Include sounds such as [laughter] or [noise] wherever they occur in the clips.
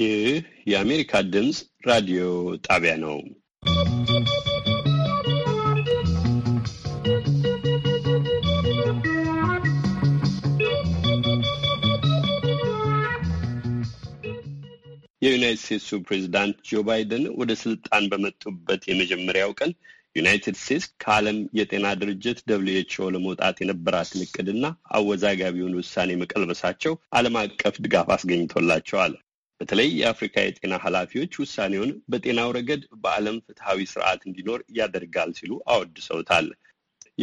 ይህ የአሜሪካ ድምፅ ራዲዮ ጣቢያ ነው። የዩናይት ስቴትሱ ፕሬዚዳንት ጆ ባይደን ወደ ስልጣን በመጡበት የመጀመሪያው ቀን ዩናይትድ ስቴትስ ከዓለም የጤና ድርጅት ደብልዩ ኤች ኦ ለመውጣት የነበራትን እቅድና አወዛጋቢውን ውሳኔ መቀልበሳቸው ዓለም አቀፍ ድጋፍ አስገኝቶላቸዋል። በተለይ የአፍሪካ የጤና ኃላፊዎች ውሳኔውን በጤናው ረገድ በዓለም ፍትሐዊ ስርዓት እንዲኖር ያደርጋል ሲሉ አወድሰውታል።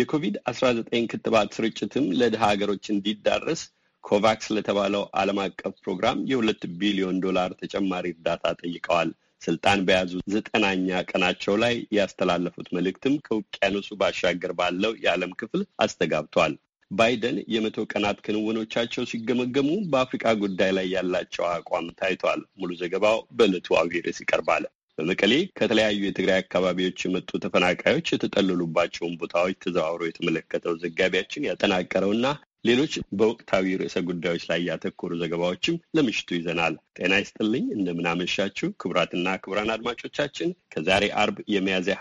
የኮቪድ-19 ክትባት ስርጭትም ለድሃ ሀገሮች እንዲዳረስ ኮቫክስ ለተባለው ዓለም አቀፍ ፕሮግራም የሁለት ቢሊዮን ዶላር ተጨማሪ እርዳታ ጠይቀዋል። ስልጣን በያዙ ዘጠናኛ ቀናቸው ላይ ያስተላለፉት መልእክትም ከውቅያኖሱ ባሻገር ባለው የዓለም ክፍል አስተጋብቷል። ባይደን የመቶ ቀናት ክንውኖቻቸው ሲገመገሙ በአፍሪቃ ጉዳይ ላይ ያላቸው አቋም ታይቷል። ሙሉ ዘገባው በዕለቱ አብይ ርዕስ ይቀርባል። በመቀሌ ከተለያዩ የትግራይ አካባቢዎች የመጡ ተፈናቃዮች የተጠለሉባቸውን ቦታዎች ተዘዋውሮ የተመለከተው ዘጋቢያችን ያጠናቀረውና ሌሎች በወቅታዊ ርዕሰ ጉዳዮች ላይ ያተኮሩ ዘገባዎችም ለምሽቱ ይዘናል። ጤና ይስጥልኝ፣ እንደምናመሻችሁ ክቡራትና ክቡራን አድማጮቻችን ከዛሬ አርብ የሚያዝያ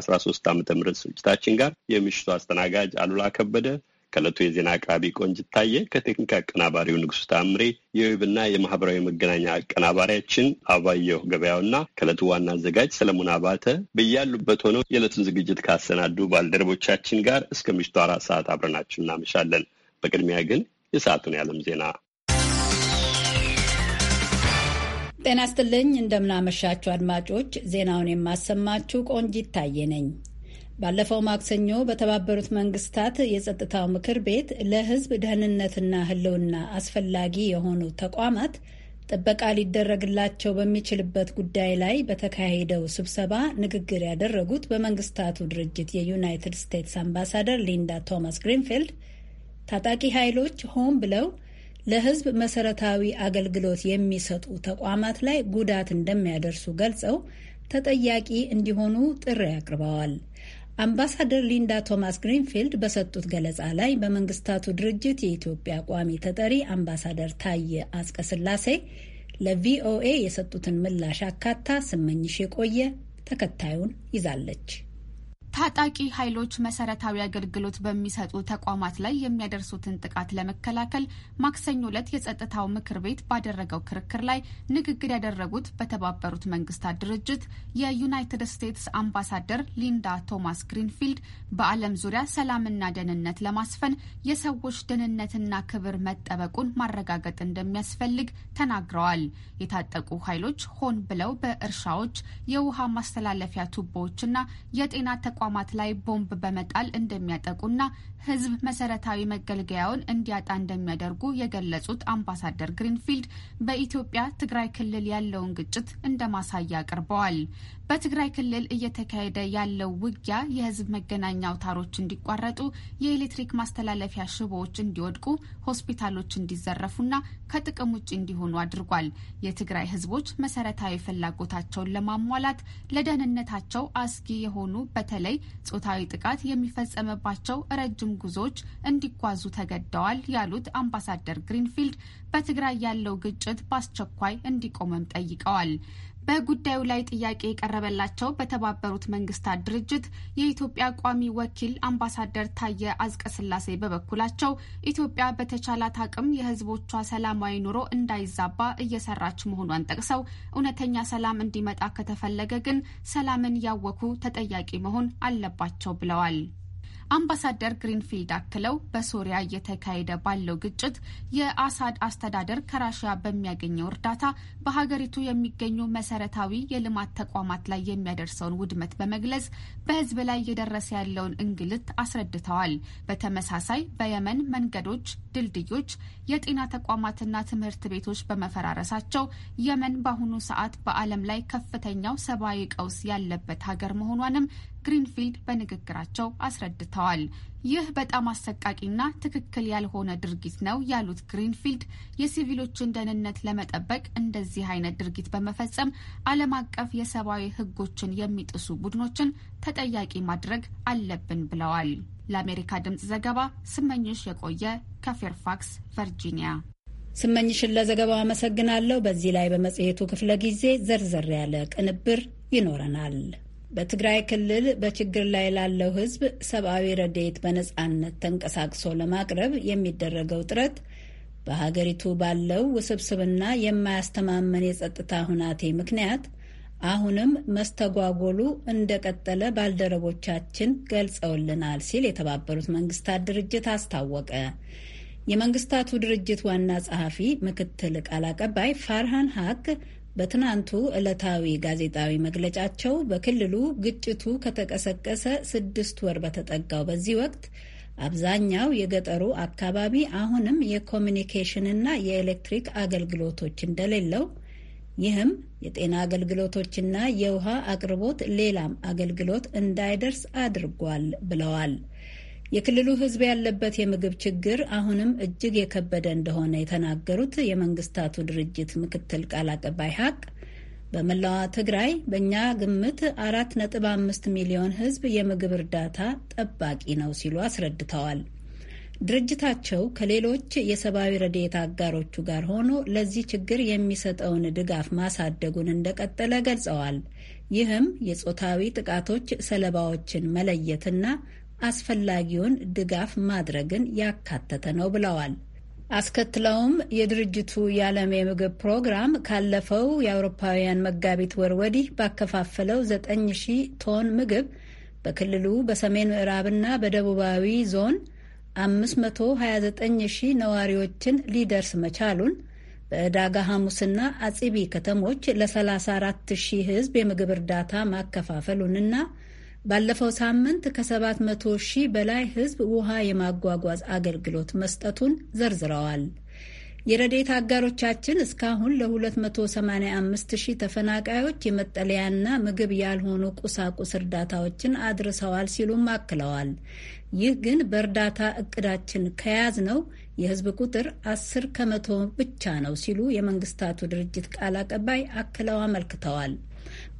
አስራ ሶስት ዓ ም ስርጭታችን ጋር የምሽቱ አስተናጋጅ አሉላ ከበደ ከእለቱ የዜና አቅራቢ ቆንጅ ታየ፣ ከቴክኒክ አቀናባሪው ንጉሱ ታምሬ፣ የዌብና የማህበራዊ መገናኛ አቀናባሪያችን አባየሁ ገበያውና ከእለቱ ዋና አዘጋጅ ሰለሞን አባተ በያሉበት ሆነው የዕለቱን ዝግጅት ካሰናዱ ባልደረቦቻችን ጋር እስከ ምሽቱ አራት ሰዓት አብረናችሁ እናመሻለን። በቅድሚያ ግን የሰዓቱን የዓለም ዜና ጤና ይስጥልኝ። እንደምናመሻችሁ አድማጮች፣ ዜናውን የማሰማችሁ ቆንጂት ታየ ነኝ። ባለፈው ማክሰኞ በተባበሩት መንግስታት የጸጥታው ምክር ቤት ለህዝብ ደህንነትና ህልውና አስፈላጊ የሆኑ ተቋማት ጥበቃ ሊደረግላቸው በሚችልበት ጉዳይ ላይ በተካሄደው ስብሰባ ንግግር ያደረጉት በመንግስታቱ ድርጅት የዩናይትድ ስቴትስ አምባሳደር ሊንዳ ቶማስ ግሪንፊልድ ታጣቂ ኃይሎች ሆን ብለው ለህዝብ መሰረታዊ አገልግሎት የሚሰጡ ተቋማት ላይ ጉዳት እንደሚያደርሱ ገልጸው ተጠያቂ እንዲሆኑ ጥሪ አቅርበዋል። አምባሳደር ሊንዳ ቶማስ ግሪንፊልድ በሰጡት ገለጻ ላይ በመንግስታቱ ድርጅት የኢትዮጵያ ቋሚ ተጠሪ አምባሳደር ታየ አስቀስላሴ ለቪኦኤ የሰጡትን ምላሽ አካታ ስመኝሽ የቆየ ተከታዩን ይዛለች። ታጣቂ ኃይሎች መሰረታዊ አገልግሎት በሚሰጡ ተቋማት ላይ የሚያደርሱትን ጥቃት ለመከላከል ማክሰኞ ዕለት የጸጥታው ምክር ቤት ባደረገው ክርክር ላይ ንግግር ያደረጉት በተባበሩት መንግስታት ድርጅት የዩናይትድ ስቴትስ አምባሳደር ሊንዳ ቶማስ ግሪንፊልድ በዓለም ዙሪያ ሰላምና ደህንነት ለማስፈን የሰዎች ደህንነትና ክብር መጠበቁን ማረጋገጥ እንደሚያስፈልግ ተናግረዋል። የታጠቁ ኃይሎች ሆን ብለው በእርሻዎች፣ የውሃ ማስተላለፊያ ቱቦዎችና የጤና ተቋማት ላይ ቦምብ በመጣል እንደሚያጠቁና ሕዝብ መሰረታዊ መገልገያውን እንዲያጣ እንደሚያደርጉ የገለጹት አምባሳደር ግሪንፊልድ በኢትዮጵያ ትግራይ ክልል ያለውን ግጭት እንደ ማሳያ አቅርበዋል። በትግራይ ክልል እየተካሄደ ያለው ውጊያ የህዝብ መገናኛ አውታሮች እንዲቋረጡ፣ የኤሌክትሪክ ማስተላለፊያ ሽቦዎች እንዲወድቁ፣ ሆስፒታሎች እንዲዘረፉና ከጥቅም ውጭ እንዲሆኑ አድርጓል። የትግራይ ህዝቦች መሰረታዊ ፍላጎታቸውን ለማሟላት ለደህንነታቸው አስጊ የሆኑ በተለይ ጾታዊ ጥቃት የሚፈጸምባቸው ረጅም ጉዞዎች እንዲጓዙ ተገደዋል ያሉት አምባሳደር ግሪንፊልድ በትግራይ ያለው ግጭት በአስቸኳይ እንዲቆመም ጠይቀዋል። በጉዳዩ ላይ ጥያቄ የቀረበላቸው በተባበሩት መንግስታት ድርጅት የኢትዮጵያ ቋሚ ወኪል አምባሳደር ታየ አዝቀስላሴ በበኩላቸው ኢትዮጵያ በተቻላት አቅም የሕዝቦቿ ሰላማዊ ኑሮ እንዳይዛባ እየሰራች መሆኗን ጠቅሰው እውነተኛ ሰላም እንዲመጣ ከተፈለገ ግን ሰላምን ያወኩ ተጠያቂ መሆን አለባቸው ብለዋል። አምባሳደር ግሪንፊልድ አክለው በሶሪያ እየተካሄደ ባለው ግጭት የአሳድ አስተዳደር ከራሽያ በሚያገኘው እርዳታ በሀገሪቱ የሚገኙ መሰረታዊ የልማት ተቋማት ላይ የሚያደርሰውን ውድመት በመግለጽ በህዝብ ላይ እየደረሰ ያለውን እንግልት አስረድተዋል። በተመሳሳይ በየመን መንገዶች፣ ድልድዮች፣ የጤና ተቋማትና ትምህርት ቤቶች በመፈራረሳቸው የመን በአሁኑ ሰዓት በዓለም ላይ ከፍተኛው ሰብአዊ ቀውስ ያለበት ሀገር መሆኗንም ግሪንፊልድ በንግግራቸው አስረድተዋል። ይህ በጣም አሰቃቂና ትክክል ያልሆነ ድርጊት ነው ያሉት ግሪንፊልድ የሲቪሎችን ደህንነት ለመጠበቅ እንደዚህ አይነት ድርጊት በመፈጸም ዓለም አቀፍ የሰብአዊ ሕጎችን የሚጥሱ ቡድኖችን ተጠያቂ ማድረግ አለብን ብለዋል። ለአሜሪካ ድምጽ ዘገባ ስመኝሽ የቆየ ከፌርፋክስ ቨርጂኒያ። ስመኝሽን ለዘገባው አመሰግናለሁ። በዚህ ላይ በመጽሔቱ ክፍለ ጊዜ ዘርዘር ያለ ቅንብር ይኖረናል። በትግራይ ክልል በችግር ላይ ላለው ሕዝብ ሰብአዊ ረድኤት በነጻነት ተንቀሳቅሶ ለማቅረብ የሚደረገው ጥረት በሀገሪቱ ባለው ውስብስብና የማያስተማመን የጸጥታ ሁናቴ ምክንያት አሁንም መስተጓጎሉ እንደቀጠለ ባልደረቦቻችን ገልጸውልናል ሲል የተባበሩት መንግስታት ድርጅት አስታወቀ። የመንግስታቱ ድርጅት ዋና ጸሐፊ ምክትል ቃል አቀባይ ፋርሃን ሀክ በትናንቱ ዕለታዊ ጋዜጣዊ መግለጫቸው በክልሉ ግጭቱ ከተቀሰቀሰ ስድስት ወር በተጠጋው በዚህ ወቅት አብዛኛው የገጠሩ አካባቢ አሁንም የኮሚኒኬሽንና የኤሌክትሪክ አገልግሎቶች እንደሌለው ይህም የጤና አገልግሎቶችና የውሃ አቅርቦት ሌላም አገልግሎት እንዳይደርስ አድርጓል ብለዋል። የክልሉ ሕዝብ ያለበት የምግብ ችግር አሁንም እጅግ የከበደ እንደሆነ የተናገሩት የመንግስታቱ ድርጅት ምክትል ቃል አቀባይ ሀቅ በመላዋ ትግራይ በእኛ ግምት አራት ነጥብ አምስት ሚሊዮን ሕዝብ የምግብ እርዳታ ጠባቂ ነው ሲሉ አስረድተዋል። ድርጅታቸው ከሌሎች የሰብአዊ ረድኤት አጋሮቹ ጋር ሆኖ ለዚህ ችግር የሚሰጠውን ድጋፍ ማሳደጉን እንደቀጠለ ገልጸዋል። ይህም የጾታዊ ጥቃቶች ሰለባዎችን መለየትና አስፈላጊውን ድጋፍ ማድረግን ያካተተ ነው ብለዋል። አስከትለውም የድርጅቱ የዓለም የምግብ ፕሮግራም ካለፈው የአውሮፓውያን መጋቢት ወር ወዲህ ባከፋፈለው 9 ሺህ ቶን ምግብ በክልሉ በሰሜን ምዕራብና በደቡባዊ ዞን 529 ሺህ ነዋሪዎችን ሊደርስ መቻሉን በዕዳጋ ሐሙስና አጺቢ ከተሞች ለ34 ሺህ ሕዝብ የምግብ እርዳታ ማከፋፈሉንና ባለፈው ሳምንት ከ700 ሺህ በላይ ሕዝብ ውሃ የማጓጓዝ አገልግሎት መስጠቱን ዘርዝረዋል። የረዴት አጋሮቻችን እስካሁን ለ285 ሺህ ተፈናቃዮች የመጠለያና ምግብ ያልሆኑ ቁሳቁስ እርዳታዎችን አድርሰዋል ሲሉም አክለዋል። ይህ ግን በእርዳታ እቅዳችን ነው የህዝብ ቁጥር 10 ከመቶ ብቻ ነው ሲሉ የመንግስታቱ ድርጅት ቃል አቀባይ አክለው አመልክተዋል።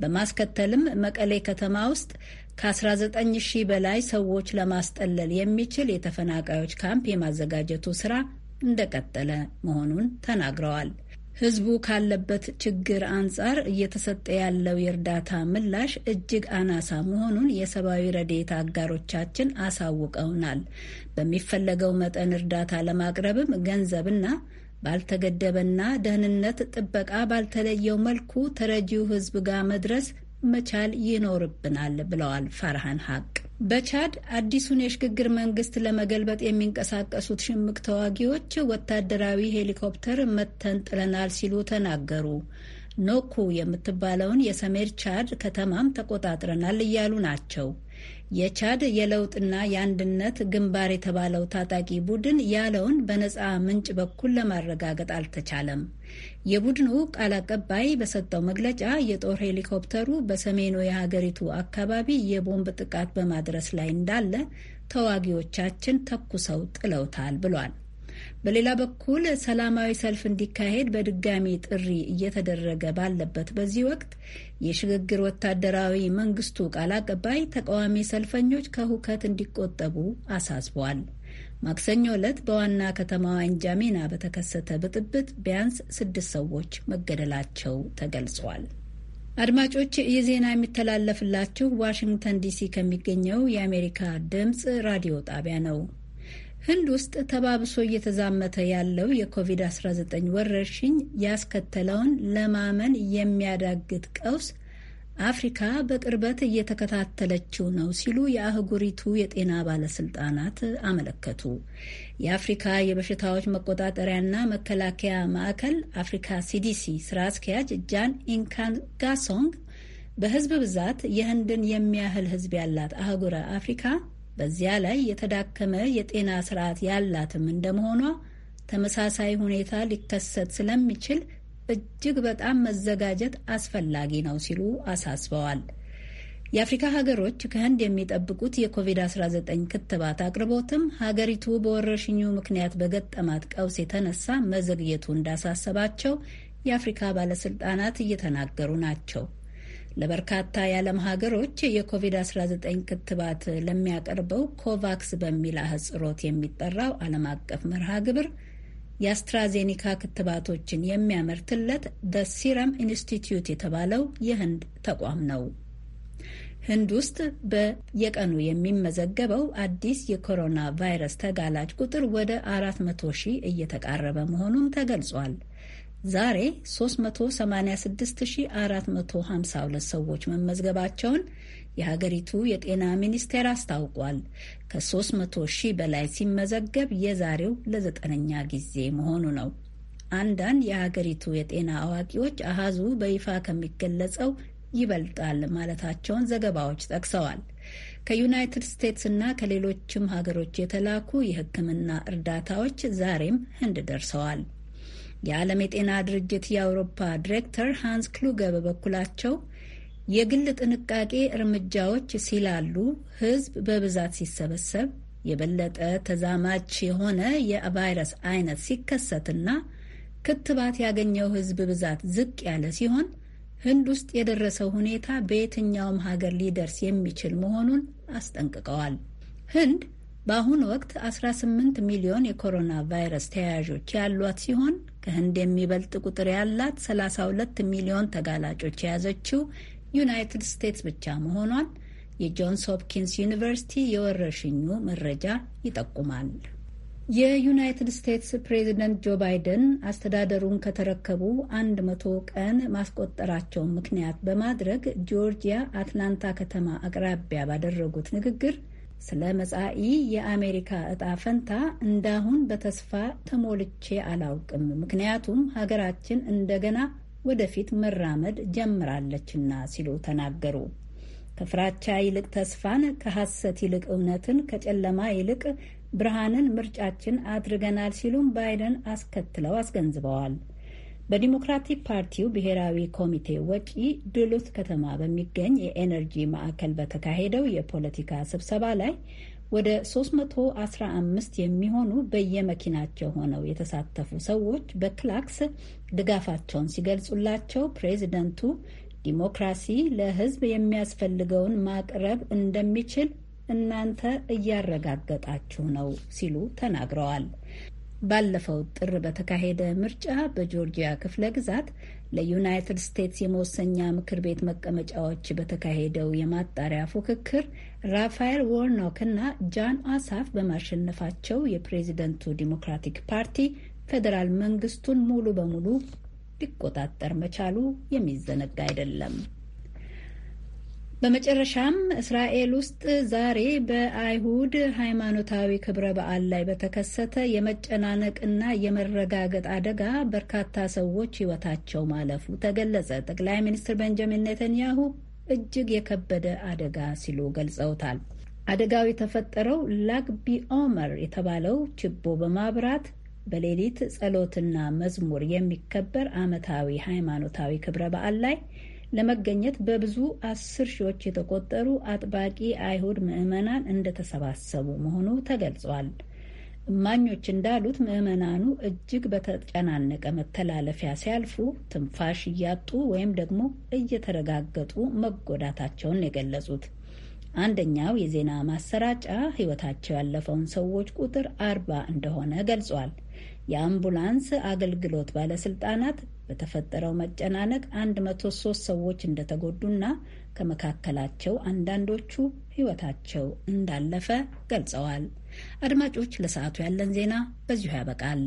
በማስከተልም መቀሌ ከተማ ውስጥ ከ19ሺህ በላይ ሰዎች ለማስጠለል የሚችል የተፈናቃዮች ካምፕ የማዘጋጀቱ ስራ እንደቀጠለ መሆኑን ተናግረዋል። ህዝቡ ካለበት ችግር አንጻር እየተሰጠ ያለው የእርዳታ ምላሽ እጅግ አናሳ መሆኑን የሰብአዊ ረድኤት አጋሮቻችን አሳውቀውናል። በሚፈለገው መጠን እርዳታ ለማቅረብም ገንዘብና ባልተገደበና ደህንነት ጥበቃ ባልተለየው መልኩ ተረጂው ህዝብ ጋር መድረስ መቻል ይኖርብናል ብለዋል ፋርሃን ሀቅ። በቻድ አዲሱን የሽግግር መንግስት ለመገልበጥ የሚንቀሳቀሱት ሽምቅ ተዋጊዎች ወታደራዊ ሄሊኮፕተር መተን ጥለናል ሲሉ ተናገሩ። ኖኩ የምትባለውን የሰሜን ቻድ ከተማም ተቆጣጥረናል እያሉ ናቸው። የቻድ የለውጥና የአንድነት ግንባር የተባለው ታጣቂ ቡድን ያለውን በነፃ ምንጭ በኩል ለማረጋገጥ አልተቻለም። የቡድኑ ቃል አቀባይ በሰጠው መግለጫ የጦር ሄሊኮፕተሩ በሰሜኑ የሀገሪቱ አካባቢ የቦምብ ጥቃት በማድረስ ላይ እንዳለ ተዋጊዎቻችን ተኩሰው ጥለውታል ብሏል። በሌላ በኩል ሰላማዊ ሰልፍ እንዲካሄድ በድጋሚ ጥሪ እየተደረገ ባለበት በዚህ ወቅት የሽግግር ወታደራዊ መንግስቱ ቃል አቀባይ ተቃዋሚ ሰልፈኞች ከሁከት እንዲቆጠቡ አሳስቧል። ማክሰኞ ዕለት በዋና ከተማዋ እንጃሚና በተከሰተ ብጥብጥ ቢያንስ ስድስት ሰዎች መገደላቸው ተገልጿል። አድማጮች ይህ ዜና የሚተላለፍላችሁ ዋሽንግተን ዲሲ ከሚገኘው የአሜሪካ ድምፅ ራዲዮ ጣቢያ ነው። ህንድ ውስጥ ተባብሶ እየተዛመተ ያለው የኮቪድ-19 ወረርሽኝ ያስከተለውን ለማመን የሚያዳግት ቀውስ አፍሪካ በቅርበት እየተከታተለችው ነው ሲሉ የአህጉሪቱ የጤና ባለስልጣናት አመለከቱ። የአፍሪካ የበሽታዎች መቆጣጠሪያና መከላከያ ማዕከል አፍሪካ ሲዲሲ ስራ አስኪያጅ ጃን ኢንካንጋሶንግ በህዝብ ብዛት የህንድን የሚያህል ህዝብ ያላት አህጉረ አፍሪካ በዚያ ላይ የተዳከመ የጤና ስርዓት ያላትም እንደመሆኗ ተመሳሳይ ሁኔታ ሊከሰት ስለሚችል እጅግ በጣም መዘጋጀት አስፈላጊ ነው ሲሉ አሳስበዋል። የአፍሪካ ሀገሮች ከህንድ የሚጠብቁት የኮቪድ-19 ክትባት አቅርቦትም ሀገሪቱ በወረርሽኙ ምክንያት በገጠማት ቀውስ የተነሳ መዘግየቱ እንዳሳሰባቸው የአፍሪካ ባለስልጣናት እየተናገሩ ናቸው። ለበርካታ የዓለም ሀገሮች የኮቪድ-19 ክትባት ለሚያቀርበው ኮቫክስ በሚል አህጽሮት የሚጠራው ዓለም አቀፍ መርሃ ግብር የአስትራዜኒካ ክትባቶችን የሚያመርትለት ደ ሲረም ኢንስቲትዩት የተባለው የህንድ ተቋም ነው። ህንድ ውስጥ በየቀኑ የሚመዘገበው አዲስ የኮሮና ቫይረስ ተጋላጭ ቁጥር ወደ 400 ሺህ እየተቃረበ መሆኑም ተገልጿል። ዛሬ 386452 ሰዎች መመዝገባቸውን የሀገሪቱ የጤና ሚኒስቴር አስታውቋል። ከ300 ሺህ በላይ ሲመዘገብ የዛሬው ለዘጠነኛ ጊዜ መሆኑ ነው። አንዳንድ የሀገሪቱ የጤና አዋቂዎች አሃዙ በይፋ ከሚገለጸው ይበልጣል ማለታቸውን ዘገባዎች ጠቅሰዋል። ከዩናይትድ ስቴትስ እና ከሌሎችም ሀገሮች የተላኩ የሕክምና እርዳታዎች ዛሬም ህንድ ደርሰዋል። የዓለም የጤና ድርጅት የአውሮፓ ዲሬክተር ሃንስ ክሉገ በበኩላቸው የግል ጥንቃቄ እርምጃዎች ሲላሉ ሕዝብ በብዛት ሲሰበሰብ የበለጠ ተዛማች የሆነ የቫይረስ አይነት ሲከሰትና ክትባት ያገኘው ህዝብ ብዛት ዝቅ ያለ ሲሆን ህንድ ውስጥ የደረሰው ሁኔታ በየትኛውም ሀገር ሊደርስ የሚችል መሆኑን አስጠንቅቀዋል። ህንድ በአሁኑ ወቅት 18 ሚሊዮን የኮሮና ቫይረስ ተያያዦች ያሏት ሲሆን ከህንድ የሚበልጥ ቁጥር ያላት 32 ሚሊዮን ተጋላጮች የያዘችው ዩናይትድ ስቴትስ ብቻ መሆኗን የጆንስ ሆፕኪንስ ዩኒቨርሲቲ የወረሽኙ መረጃ ይጠቁማል። የዩናይትድ ስቴትስ ፕሬዚደንት ጆ ባይደን አስተዳደሩን ከተረከቡ አንድ መቶ ቀን ማስቆጠራቸውን ምክንያት በማድረግ ጆርጂያ አትላንታ ከተማ አቅራቢያ ባደረጉት ንግግር ስለ መጻኢ የአሜሪካ እጣ ፈንታ እንዳሁን በተስፋ ተሞልቼ አላውቅም፣ ምክንያቱም ሀገራችን እንደገና ወደፊት መራመድ ጀምራለችና ሲሉ ተናገሩ። ከፍራቻ ይልቅ ተስፋን፣ ከሐሰት ይልቅ እውነትን፣ ከጨለማ ይልቅ ብርሃንን ምርጫችን አድርገናል ሲሉም ባይደን አስከትለው አስገንዝበዋል። በዲሞክራቲክ ፓርቲው ብሔራዊ ኮሚቴ ወጪ ድሉት ከተማ በሚገኝ የኤነርጂ ማዕከል በተካሄደው የፖለቲካ ስብሰባ ላይ ወደ 315 የሚሆኑ በየመኪናቸው ሆነው የተሳተፉ ሰዎች በክላክስ ድጋፋቸውን ሲገልጹላቸው ፕሬዚደንቱ ዲሞክራሲ ለሕዝብ የሚያስፈልገውን ማቅረብ እንደሚችል እናንተ እያረጋገጣችሁ ነው ሲሉ ተናግረዋል። ባለፈው ጥር በተካሄደ ምርጫ በጆርጂያ ክፍለ ግዛት ለዩናይትድ ስቴትስ የመወሰኛ ምክር ቤት መቀመጫዎች በተካሄደው የማጣሪያ ፉክክር ራፋኤል ዎርኖክ እና ጃን አሳፍ በማሸነፋቸው የፕሬዚደንቱ ዲሞክራቲክ ፓርቲ ፌዴራል መንግስቱን ሙሉ በሙሉ ሊቆጣጠር መቻሉ የሚዘነጋ አይደለም። በመጨረሻም እስራኤል ውስጥ ዛሬ በአይሁድ ሃይማኖታዊ ክብረ በዓል ላይ በተከሰተ የመጨናነቅና የመረጋገጥ አደጋ በርካታ ሰዎች ሕይወታቸው ማለፉ ተገለጸ። ጠቅላይ ሚኒስትር ቤንጃሚን ኔተንያሁ እጅግ የከበደ አደጋ ሲሉ ገልጸውታል። አደጋው የተፈጠረው ላግቢ ኦመር የተባለው ችቦ በማብራት በሌሊት ጸሎትና መዝሙር የሚከበር ዓመታዊ ሃይማኖታዊ ክብረ በዓል ላይ ለመገኘት በብዙ አስር ሺዎች የተቆጠሩ አጥባቂ አይሁድ ምዕመናን እንደተሰባሰቡ መሆኑ ተገልጿል። እማኞች እንዳሉት ምዕመናኑ እጅግ በተጨናነቀ መተላለፊያ ሲያልፉ ትንፋሽ እያጡ ወይም ደግሞ እየተረጋገጡ መጎዳታቸውን የገለጹት አንደኛው የዜና ማሰራጫ ሕይወታቸው ያለፈውን ሰዎች ቁጥር አርባ እንደሆነ ገልጿል። የአምቡላንስ አገልግሎት ባለስልጣናት በተፈጠረው መጨናነቅ 103 ሰዎች እንደተጎዱና ከመካከላቸው አንዳንዶቹ ሕይወታቸው እንዳለፈ ገልጸዋል። አድማጮች፣ ለሰዓቱ ያለን ዜና በዚሁ ያበቃል።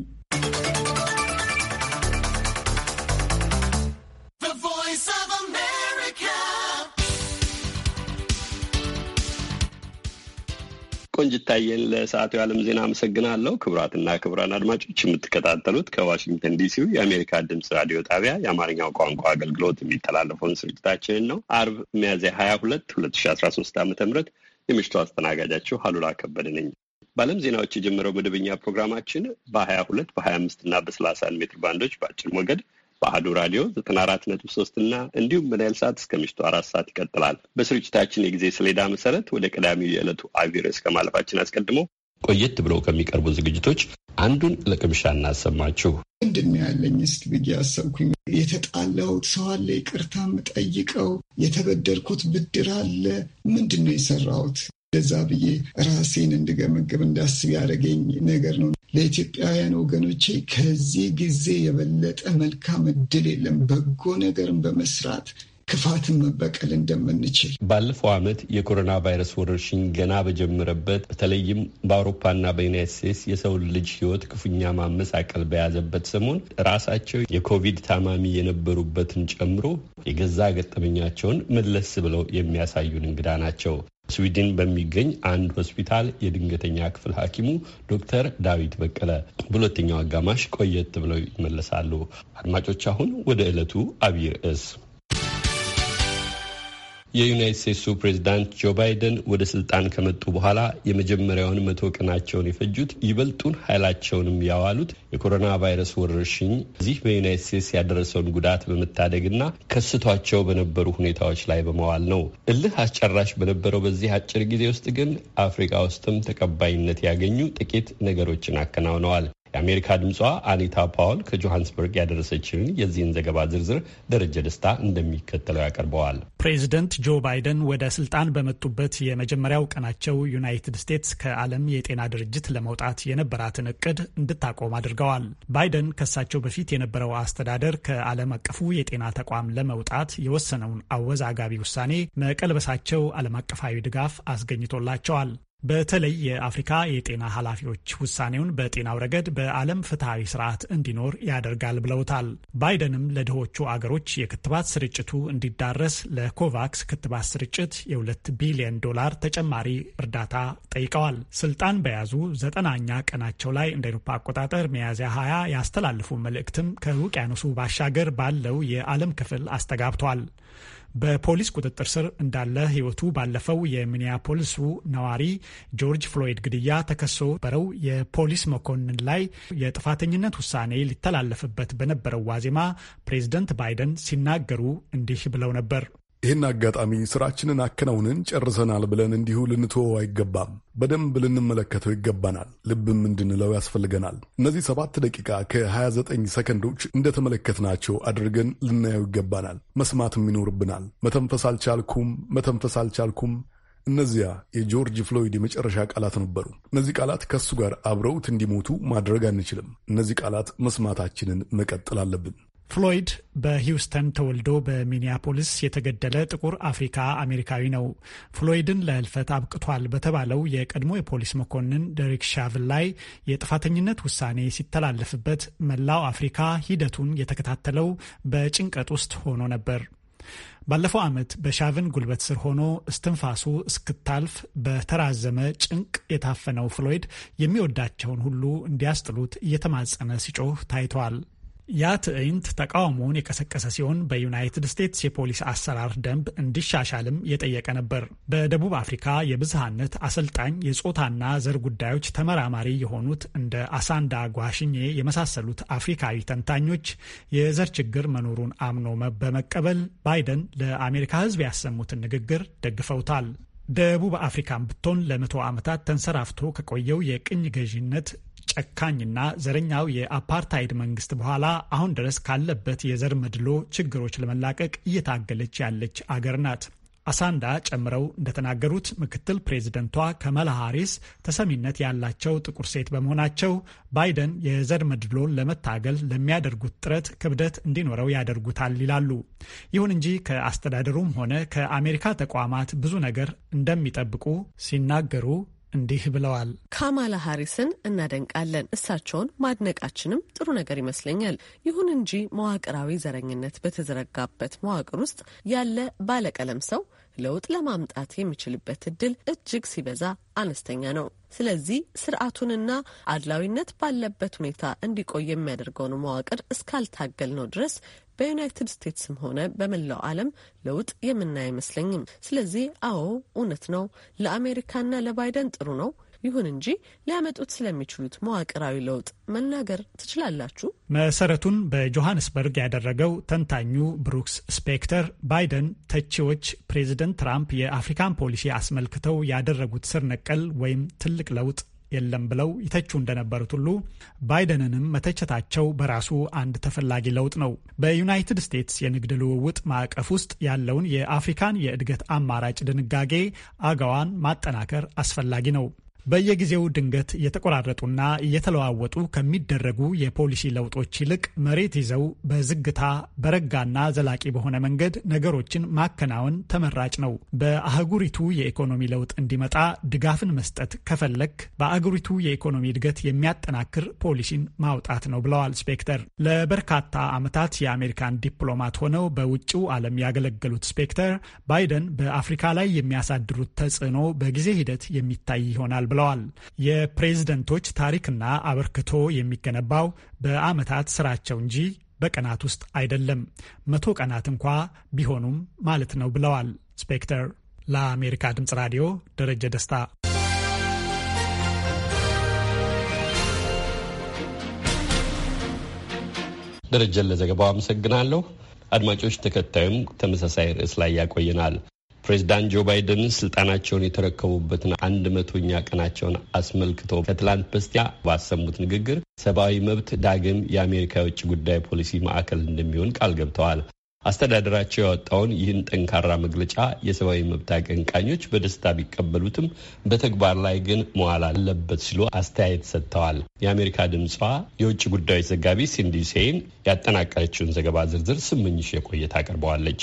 ቆንጅታየን ለሰዓቱ የዓለም ዜና አመሰግናለሁ። ክቡራትና ክቡራን አድማጮች የምትከታተሉት ከዋሽንግተን ዲሲው የአሜሪካ ድምፅ ራዲዮ ጣቢያ የአማርኛው ቋንቋ አገልግሎት የሚተላለፈውን ስርጭታችንን ነው። አርብ ሚያዝያ ሀያ ሁለት ሁለት ሺ የምሽቱ አስተናጋጃችሁ አሉላ ከበደ ነኝ። በዓለም ዜናዎች የጀመረው መደበኛ ፕሮግራማችን በ22 በ25 እና በ31 ሜትር ባንዶች በአጭር ሞገድ በአህዱ ራዲዮ 94.3 እና እንዲሁም በናይል ሰዓት እስከ ምሽቱ አራት ሰዓት ይቀጥላል። በስርጭታችን የጊዜ ሰሌዳ መሰረት ወደ ቀዳሚው የዕለቱ አቪር እስከ ማለፋችን አስቀድሞ ቆየት ብለው ከሚቀርቡ ዝግጅቶች አንዱን ለቅምሻ እናሰማችሁ። ምንድን ያለኝ እስኪ ብዬ ያሰብኩኝ የተጣላሁት ሰው አለ፣ ይቅርታ ምጠይቀው የተበደርኩት ብድር አለ፣ ምንድን ነው የሰራሁት? ለዛ ብዬ ራሴን እንድገመግብ እንዳስብ ያደረገኝ ነገር ነው። ለኢትዮጵያውያን ወገኖቼ ከዚህ ጊዜ የበለጠ መልካም እድል የለም። በጎ ነገርን በመስራት ክፋትን መበቀል እንደምንችል ባለፈው ዓመት የኮሮና ቫይረስ ወረርሽኝ ገና በጀመረበት በተለይም በአውሮፓና በዩናይት ስቴትስ የሰው ልጅ ሕይወት ክፉኛ ማመሳቀል በያዘበት ሰሞን ራሳቸው የኮቪድ ታማሚ የነበሩበትን ጨምሮ የገዛ ገጠመኛቸውን መለስ ብለው የሚያሳዩን እንግዳ ናቸው። ስዊድን በሚገኝ አንድ ሆስፒታል የድንገተኛ ክፍል ሐኪሙ ዶክተር ዳዊት በቀለ በሁለተኛው አጋማሽ ቆየት ብለው ይመለሳሉ። አድማጮች፣ አሁን ወደ ዕለቱ አብይ ርዕስ የዩናይት ስቴትሱ ፕሬዚዳንት ጆ ባይደን ወደ ስልጣን ከመጡ በኋላ የመጀመሪያውን መቶ ቀናቸውን የፈጁት ይበልጡን ኃይላቸውንም ያዋሉት የኮሮና ቫይረስ ወረርሽኝ እዚህ በዩናይት ስቴትስ ያደረሰውን ጉዳት በመታደግና ከስቷቸው በነበሩ ሁኔታዎች ላይ በመዋል ነው። እልህ አስጨራሽ በነበረው በዚህ አጭር ጊዜ ውስጥ ግን አፍሪካ ውስጥም ተቀባይነት ያገኙ ጥቂት ነገሮችን አከናውነዋል። የአሜሪካ ድምጿ አኒታ ፓውል ከጆሃንስበርግ ያደረሰችውን የዚህን ዘገባ ዝርዝር ደረጀ ደስታ እንደሚከተለው ያቀርበዋል። ፕሬዚደንት ጆ ባይደን ወደ ስልጣን በመጡበት የመጀመሪያው ቀናቸው ዩናይትድ ስቴትስ ከዓለም የጤና ድርጅት ለመውጣት የነበራትን እቅድ እንድታቆም አድርገዋል። ባይደን ከሳቸው በፊት የነበረው አስተዳደር ከዓለም አቀፉ የጤና ተቋም ለመውጣት የወሰነውን አወዛጋቢ ውሳኔ መቀልበሳቸው ዓለም አቀፋዊ ድጋፍ አስገኝቶላቸዋል። በተለይ የአፍሪካ የጤና ኃላፊዎች ውሳኔውን በጤናው ረገድ በዓለም ፍትሐዊ ስርዓት እንዲኖር ያደርጋል ብለውታል። ባይደንም ለድሆቹ አገሮች የክትባት ስርጭቱ እንዲዳረስ ለኮቫክስ ክትባት ስርጭት የሁለት ቢሊዮን ዶላር ተጨማሪ እርዳታ ጠይቀዋል። ስልጣን በያዙ ዘጠናኛ ቀናቸው ላይ እንደ ኤሮፓ አቆጣጠር ሚያዝያ 20 ያስተላልፉ መልእክትም ከውቅያኖሱ ባሻገር ባለው የዓለም ክፍል አስተጋብቷል። በፖሊስ ቁጥጥር ስር እንዳለ ህይወቱ ባለፈው የሚኒያፖሊሱ ነዋሪ ጆርጅ ፍሎይድ ግድያ ተከሶ በረው የፖሊስ መኮንን ላይ የጥፋተኝነት ውሳኔ ሊተላለፍበት በነበረው ዋዜማ ፕሬዝደንት ባይደን ሲናገሩ እንዲህ ብለው ነበር። ይህን አጋጣሚ ስራችንን አከናውነን ጨርሰናል ብለን እንዲሁ ልንትወው አይገባም። በደንብ ልንመለከተው ይገባናል። ልብም እንድንለው ያስፈልገናል። እነዚህ ሰባት ደቂቃ ከ29 ሰከንዶች እንደተመለከትናቸው አድርገን ልናየው ይገባናል። መስማትም ይኖርብናል። መተንፈስ አልቻልኩም፣ መተንፈስ አልቻልኩም። እነዚያ የጆርጅ ፍሎይድ የመጨረሻ ቃላት ነበሩ። እነዚህ ቃላት ከእሱ ጋር አብረውት እንዲሞቱ ማድረግ አንችልም። እነዚህ ቃላት መስማታችንን መቀጠል አለብን። ፍሎይድ በሂውስተን ተወልዶ በሚኒያፖሊስ የተገደለ ጥቁር አፍሪካ አሜሪካዊ ነው። ፍሎይድን ለህልፈት አብቅቷል በተባለው የቀድሞ የፖሊስ መኮንን ደሪክ ሻቭን ላይ የጥፋተኝነት ውሳኔ ሲተላለፍበት መላው አፍሪካ ሂደቱን የተከታተለው በጭንቀት ውስጥ ሆኖ ነበር። ባለፈው ዓመት በሻቭን ጉልበት ስር ሆኖ እስትንፋሱ እስክታልፍ በተራዘመ ጭንቅ የታፈነው ፍሎይድ የሚወዳቸውን ሁሉ እንዲያስጥሉት እየተማጸነ ሲጮህ ታይተዋል። ያ ትዕይንት ተቃውሞውን የቀሰቀሰ ሲሆን በዩናይትድ ስቴትስ የፖሊስ አሰራር ደንብ እንዲሻሻልም የጠየቀ ነበር። በደቡብ አፍሪካ የብዝሃነት አሰልጣኝ የጾታና ዘር ጉዳዮች ተመራማሪ የሆኑት እንደ አሳንዳ ጓሽኜ የመሳሰሉት አፍሪካዊ ተንታኞች የዘር ችግር መኖሩን አምኖ በመቀበል ባይደን ለአሜሪካ ሕዝብ ያሰሙትን ንግግር ደግፈውታል። ደቡብ አፍሪካን ብትሆን ለመቶ ዓመታት ተንሰራፍቶ ከቆየው የቅኝ ገዢነት ጨካኝና ዘረኛው የአፓርታይድ መንግስት በኋላ አሁን ድረስ ካለበት የዘር መድሎ ችግሮች ለመላቀቅ እየታገለች ያለች አገር ናት። አሳንዳ ጨምረው እንደተናገሩት ምክትል ፕሬዝደንቷ ከመላ ሃሪስ ተሰሚነት ያላቸው ጥቁር ሴት በመሆናቸው ባይደን የዘር መድሎን ለመታገል ለሚያደርጉት ጥረት ክብደት እንዲኖረው ያደርጉታል ይላሉ። ይሁን እንጂ ከአስተዳደሩም ሆነ ከአሜሪካ ተቋማት ብዙ ነገር እንደሚጠብቁ ሲናገሩ እንዲህ ብለዋል። ካማላ ሀሪስን እናደንቃለን፣ እሳቸውን ማድነቃችንም ጥሩ ነገር ይመስለኛል። ይሁን እንጂ መዋቅራዊ ዘረኝነት በተዘረጋበት መዋቅር ውስጥ ያለ ባለቀለም ሰው ለውጥ ለማምጣት የሚችልበት እድል እጅግ ሲበዛ አነስተኛ ነው። ስለዚህ ስርዓቱንና አድላዊነት ባለበት ሁኔታ እንዲቆይ የሚያደርገውን መዋቅር እስካልታገል ነው ድረስ በዩናይትድ ስቴትስም ሆነ በመላው ዓለም ለውጥ የምናይ አይመስለኝም። ስለዚህ አዎ፣ እውነት ነው፣ ለአሜሪካና ለባይደን ጥሩ ነው ይሁን እንጂ ሊያመጡት ስለሚችሉት መዋቅራዊ ለውጥ መናገር ትችላላችሁ? መሰረቱን በጆሃንስበርግ ያደረገው ተንታኙ ብሩክስ ስፔክተር ባይደን ተቺዎች ፕሬዚደንት ትራምፕ የአፍሪካን ፖሊሲ አስመልክተው ያደረጉት ስር ነቀል ወይም ትልቅ ለውጥ የለም ብለው ይተቹ እንደነበሩት ሁሉ ባይደንንም መተቸታቸው በራሱ አንድ ተፈላጊ ለውጥ ነው። በዩናይትድ ስቴትስ የንግድ ልውውጥ ማዕቀፍ ውስጥ ያለውን የአፍሪካን የእድገት አማራጭ ድንጋጌ አገዋን ማጠናከር አስፈላጊ ነው። በየጊዜው ድንገት እየተቆራረጡና እየተለዋወጡ ከሚደረጉ የፖሊሲ ለውጦች ይልቅ መሬት ይዘው በዝግታ በረጋና ዘላቂ በሆነ መንገድ ነገሮችን ማከናወን ተመራጭ ነው። በአህጉሪቱ የኢኮኖሚ ለውጥ እንዲመጣ ድጋፍን መስጠት ከፈለክ በአህጉሪቱ የኢኮኖሚ እድገት የሚያጠናክር ፖሊሲን ማውጣት ነው ብለዋል ስፔክተር። ለበርካታ ዓመታት የአሜሪካን ዲፕሎማት ሆነው በውጭው ዓለም ያገለገሉት ስፔክተር ባይደን በአፍሪካ ላይ የሚያሳድሩት ተጽዕኖ በጊዜ ሂደት የሚታይ ይሆናል ብለዋል። የፕሬዝደንቶች ታሪክና አበርክቶ የሚገነባው በአመታት ስራቸው እንጂ በቀናት ውስጥ አይደለም፣ መቶ ቀናት እንኳ ቢሆኑም ማለት ነው ብለዋል ስፔክተር። ለአሜሪካ ድምፅ ራዲዮ ደረጀ ደስታ። ደረጀን ለዘገባው አመሰግናለሁ። አድማጮች ተከታዩም ተመሳሳይ ርዕስ ላይ ያቆየናል። ፕሬዚዳንት ጆ ባይደን ስልጣናቸውን የተረከቡበትን አንድ መቶኛ ቀናቸውን አስመልክቶ ከትላንት በስቲያ ባሰሙት ንግግር ሰብአዊ መብት ዳግም የአሜሪካ የውጭ ጉዳይ ፖሊሲ ማዕከል እንደሚሆን ቃል ገብተዋል። አስተዳደራቸው ያወጣውን ይህን ጠንካራ መግለጫ የሰብአዊ መብት አቀንቃኞች በደስታ ቢቀበሉትም በተግባር ላይ ግን መዋል አለበት ሲሉ አስተያየት ሰጥተዋል። የአሜሪካ ድምጿ የውጭ ጉዳዮች ዘጋቢ ሲንዲ ሴይን ያጠናቀረችውን ዘገባ ዝርዝር ስምኝሽ የቆየት አቅርበዋለች።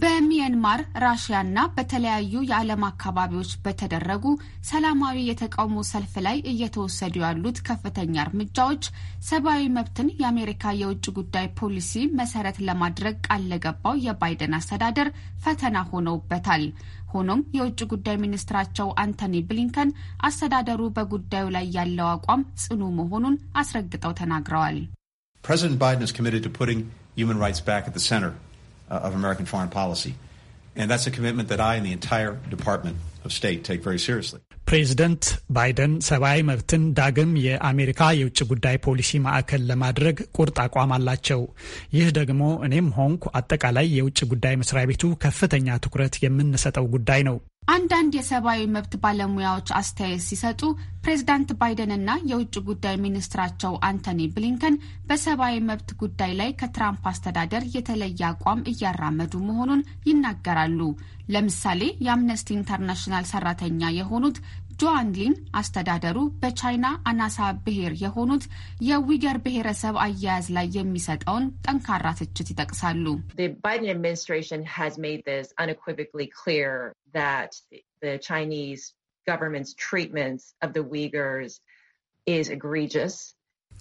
በሚያንማር ራሽያና በተለያዩ የዓለም አካባቢዎች በተደረጉ ሰላማዊ የተቃውሞ ሰልፍ ላይ እየተወሰዱ ያሉት ከፍተኛ እርምጃዎች ሰብአዊ መብትን የአሜሪካ የውጭ ጉዳይ ፖሊሲ መሰረት ለማድረግ ቃል ለገባው የባይደን አስተዳደር ፈተና ሆነውበታል። ሆኖም የውጭ ጉዳይ ሚኒስትራቸው አንቶኒ ብሊንከን አስተዳደሩ በጉዳዩ ላይ ያለው አቋም ጽኑ መሆኑን አስረግጠው ተናግረዋል። ፕሬዚደንት ባይደን uh, of American foreign policy. And that's a commitment that I and the entire Department of State take very seriously. ፕሬዚደንት ባይደን ሰብአዊ መብትን ዳግም የአሜሪካ የውጭ ጉዳይ ፖሊሲ ማዕከል ለማድረግ ቁርጥ አቋም አላቸው። ይህ ደግሞ እኔም ሆንኩ አጠቃላይ የውጭ ጉዳይ መስሪያ ቤቱ ከፍተኛ ትኩረት የምንሰጠው ጉዳይ ነው። አንዳንድ የሰብአዊ መብት ባለሙያዎች አስተያየት ሲሰጡ ፕሬዚዳንት ና የውጭ ጉዳይ ሚኒስትራቸው አንቶኒ ብሊንከን በሰብአዊ መብት ጉዳይ ላይ ከትራምፕ አስተዳደር የተለየ አቋም እያራመዱ መሆኑን ይናገራሉ። ለምሳሌ የአምነስቲ ኢንተርናሽናል ሰራተኛ የሆኑት ጆአን ሊን አስተዳደሩ በቻይና አናሳ ብሔር የሆኑት የዊገር ብሔረሰብ አያያዝ ላይ የሚሰጠውን ጠንካራ ትችት ይጠቅሳሉ። that the Chinese government's treatments of the Uyghurs is egregious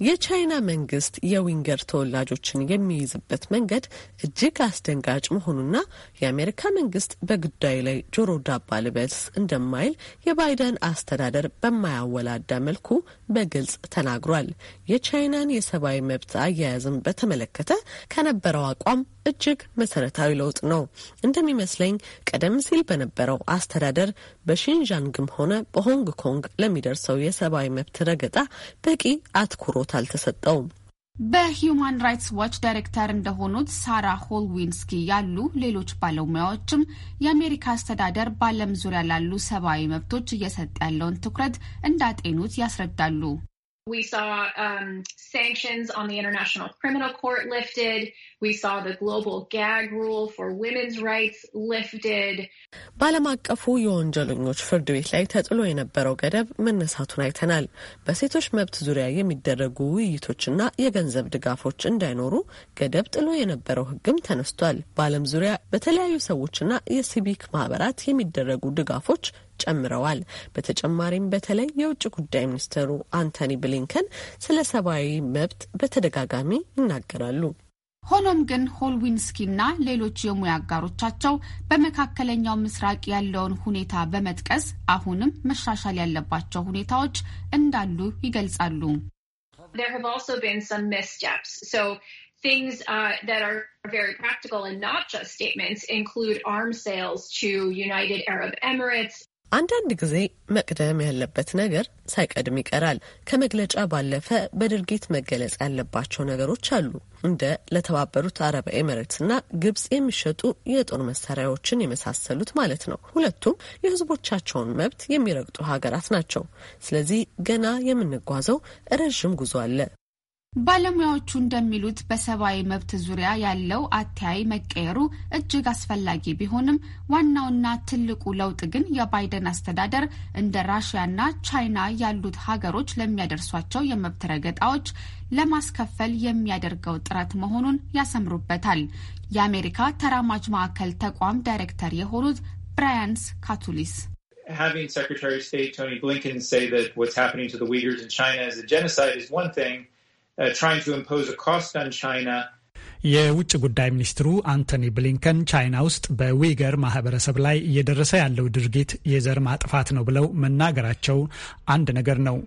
የቻይና መንግስት የዊንገር ተወላጆችን የሚይዝበት መንገድ እጅግ አስደንጋጭ መሆኑና የአሜሪካ መንግስት በጉዳዩ ላይ ጆሮ ዳባ ልበስ እንደማይል የባይደን አስተዳደር በማያወላዳ መልኩ በግልጽ ተናግሯል። የቻይናን የሰብአዊ መብት አያያዝን በተመለከተ ከነበረው አቋም እጅግ መሰረታዊ ለውጥ ነው። እንደሚመስለኝ ቀደም ሲል በነበረው አስተዳደር በሺንዣንግም ሆነ በሆንግ ኮንግ ለሚደርሰው የሰብአዊ መብት ረገጣ በቂ አትኩሮ አገልግሎት አልተሰጠውም። በሂዩማን ራይትስ ዋች ዳይሬክተር እንደሆኑት ሳራ ሆልዊንስኪ ያሉ ሌሎች ባለሙያዎችም የአሜሪካ አስተዳደር በዓለም ዙሪያ ላሉ ሰብአዊ መብቶች እየሰጠ ያለውን ትኩረት እንዳጤኑት ያስረዳሉ። We saw um, sanctions on the International Criminal Court lifted. We saw the global gag rule for women's rights lifted. በዓለም አቀፉ የወንጀለኞች ፍርድ ቤት ላይ ተጥሎ የነበረው ገደብ መነሳቱን አይተናል። በሴቶች መብት ዙሪያ የሚደረጉ ውይይቶችና የገንዘብ ድጋፎች እንዳይኖሩ ገደብ ጥሎ የነበረው ሕግም ተነስቷል። በዓለም ዙሪያ በተለያዩ ሰዎችና የሲቪክ ማህበራት የሚደረጉ ድጋፎች ጨምረዋል። በተጨማሪም በተለይ የውጭ ጉዳይ ሚኒስትሩ አንቶኒ ብሊንከን ስለ ሰብአዊ መብት በተደጋጋሚ ይናገራሉ። ሆኖም ግን ሆልዊንስኪ እና ሌሎች የሙያ አጋሮቻቸው በመካከለኛው ምስራቅ ያለውን ሁኔታ በመጥቀስ አሁንም መሻሻል ያለባቸው ሁኔታዎች እንዳሉ ይገልጻሉ። አንዳንድ ጊዜ መቅደም ያለበት ነገር ሳይቀድም ይቀራል። ከመግለጫ ባለፈ በድርጊት መገለጽ ያለባቸው ነገሮች አሉ። እንደ ለተባበሩት አረብ ኤምሬትስና ግብጽ የሚሸጡ የጦር መሳሪያዎችን የመሳሰሉት ማለት ነው። ሁለቱም የሕዝቦቻቸውን መብት የሚረግጡ ሀገራት ናቸው። ስለዚህ ገና የምንጓዘው ረዥም ጉዞ አለ። ባለሙያዎቹ እንደሚሉት በሰብአዊ መብት ዙሪያ ያለው አተያይ መቀየሩ እጅግ አስፈላጊ ቢሆንም ዋናውና ትልቁ ለውጥ ግን የባይደን አስተዳደር እንደ ራሽያና ቻይና ያሉት ሀገሮች ለሚያደርሷቸው የመብት ረገጣዎች ለማስከፈል የሚያደርገው ጥረት መሆኑን ያሰምሩበታል። የአሜሪካ ተራማጅ ማዕከል ተቋም ዳይሬክተር የሆኑት ብራያንስ ካቱሊስ having Secretary of State Tony Blinken say that what's happening to the Uyghurs in China is a genocide is one thing. Uh, የውጭ ጉዳይ ሚኒስትሩ አንቶኒ ብሊንከን ቻይና ውስጥ በዊገር ማህበረሰብ ላይ እየደረሰ ያለው ድርጊት የዘር ማጥፋት ነው ብለው መናገራቸው አንድ ነገር ነው።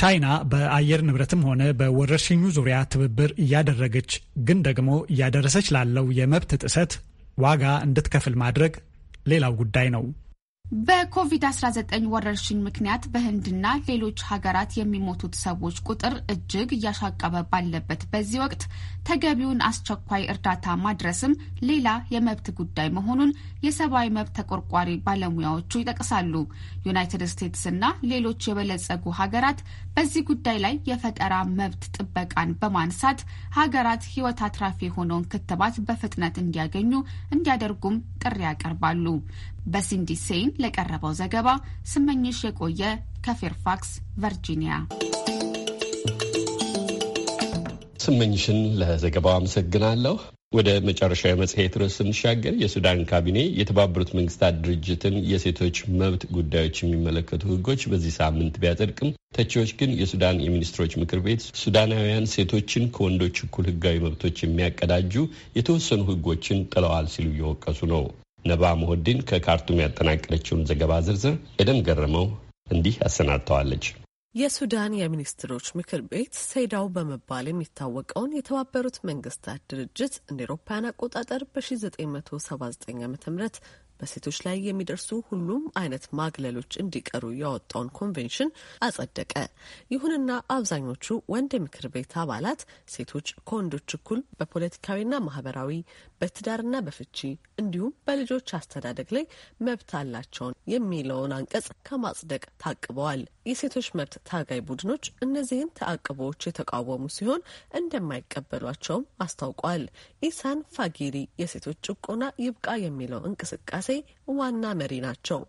ቻይና በአየር ንብረትም ሆነ በወረርሽኙ ዙሪያ ትብብር እያደረገች ግን ደግሞ እያደረሰች ላለው የመብት ጥሰት ዋጋ እንድትከፍል ማድረግ ሌላው ጉዳይ ነው። በኮቪድ-19 ወረርሽኝ ምክንያት በህንድና ሌሎች ሀገራት የሚሞቱት ሰዎች ቁጥር እጅግ እያሻቀበ ባለበት በዚህ ወቅት ተገቢውን አስቸኳይ እርዳታ ማድረስም ሌላ የመብት ጉዳይ መሆኑን የሰብአዊ መብት ተቆርቋሪ ባለሙያዎቹ ይጠቅሳሉ። ዩናይትድ ና ሌሎች የበለጸጉ ሀገራት በዚህ ጉዳይ ላይ የፈጠራ መብት ጥበቃን በማንሳት ሀገራት ህይወት አትራፊ የሆነውን ክትባት በፍጥነት እንዲያገኙ እንዲያደርጉም ጥሪ ያቀርባሉ። በሲንዲ ሴይን ለቀረበው ዘገባ ስመኝሽ የቆየ ከፌርፋክስ ቨርጂኒያ። ስመኝሽን ለዘገባው አመሰግናለሁ። ወደ መጨረሻው የመጽሔት ርዕስ ስንሻገር የሱዳን ካቢኔ የተባበሩት መንግስታት ድርጅትን የሴቶች መብት ጉዳዮች የሚመለከቱ ሕጎች በዚህ ሳምንት ቢያጸድቅም ተቺዎች ግን የሱዳን የሚኒስትሮች ምክር ቤት ሱዳናውያን ሴቶችን ከወንዶች እኩል ሕጋዊ መብቶች የሚያቀዳጁ የተወሰኑ ሕጎችን ጥለዋል ሲሉ እየወቀሱ ነው። ነባ ሙሁዲን ከካርቱም ያጠናቀረችውን ዘገባ ዝርዝር ኤደን ገረመው እንዲህ አሰናድተዋለች። የሱዳን የሚኒስትሮች ምክር ቤት ሴዳው በመባል የሚታወቀውን የተባበሩት መንግስታት ድርጅት እንደ ኤሮፓያን አቆጣጠር በ1979 ዓ ም በሴቶች ላይ የሚደርሱ ሁሉም አይነት ማግለሎች እንዲቀሩ ያወጣውን ኮንቬንሽን አጸደቀ። ይሁንና አብዛኞቹ ወንድ የምክር ቤት አባላት ሴቶች ከወንዶች እኩል በፖለቲካዊና ማህበራዊ፣ በትዳርና በፍቺ እንዲሁም በልጆች አስተዳደግ ላይ መብት አላቸውን የሚለውን አንቀጽ ከማጽደቅ ታቅበዋል። የሴቶች መብት ታጋይ ቡድኖች እነዚህን ተአቅቦዎች የተቃወሙ ሲሆን እንደማይቀበሏቸውም አስታውቋል። ኢሳን ፋጊሪ የሴቶች ጭቆና ይብቃ የሚለው እንቅስቃሴ ዋና መሪ ናቸው።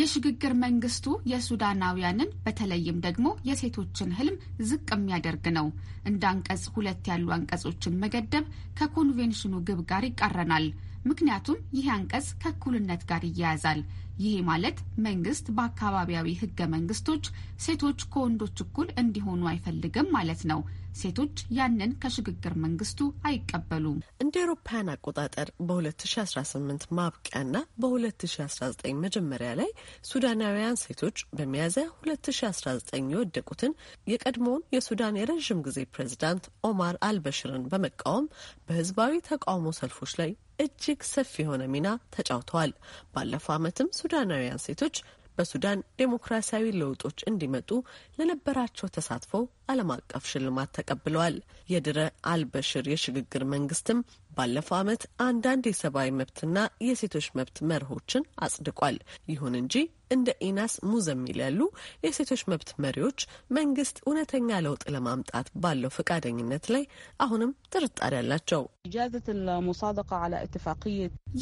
የሽግግር መንግስቱ የሱዳናውያንን በተለይም ደግሞ የሴቶችን ህልም ዝቅ የሚያደርግ ነው። እንደ አንቀጽ ሁለት ያሉ አንቀጾችን መገደብ ከኮንቬንሽኑ ግብ ጋር ይቃረናል። ምክንያቱም ይህ አንቀጽ ከእኩልነት ጋር ይያያዛል። ይሄ ማለት መንግስት በአካባቢያዊ ህገ መንግስቶች ሴቶች ከወንዶች እኩል እንዲሆኑ አይፈልግም ማለት ነው። ሴቶች ያንን ከሽግግር መንግስቱ አይቀበሉም። እንደ አውሮፓውያን አቆጣጠር በ2018 ማብቂያና በ2019 መጀመሪያ ላይ ሱዳናውያን ሴቶች በሚያዝያ 2019 የወደቁትን የቀድሞውን የሱዳን የረዥም ጊዜ ፕሬዝዳንት ኦማር አልበሽርን በመቃወም በህዝባዊ ተቃውሞ ሰልፎች ላይ እጅግ ሰፊ የሆነ ሚና ተጫውተዋል። ባለፈው ዓመትም ሱዳናውያን ሴቶች በሱዳን ዴሞክራሲያዊ ለውጦች እንዲመጡ ለነበራቸው ተሳትፎ ዓለም አቀፍ ሽልማት ተቀብለዋል። የድረ አልበሽር የሽግግር መንግስትም ባለፈው ዓመት አንዳንድ የሰብአዊ መብትና የሴቶች መብት መርሆችን አጽድቋል። ይሁን እንጂ እንደ ኢናስ ሙዘሚል ያሉ የሴቶች መብት መሪዎች መንግስት እውነተኛ ለውጥ ለማምጣት ባለው ፈቃደኝነት ላይ አሁንም ጥርጣሬ አላቸው።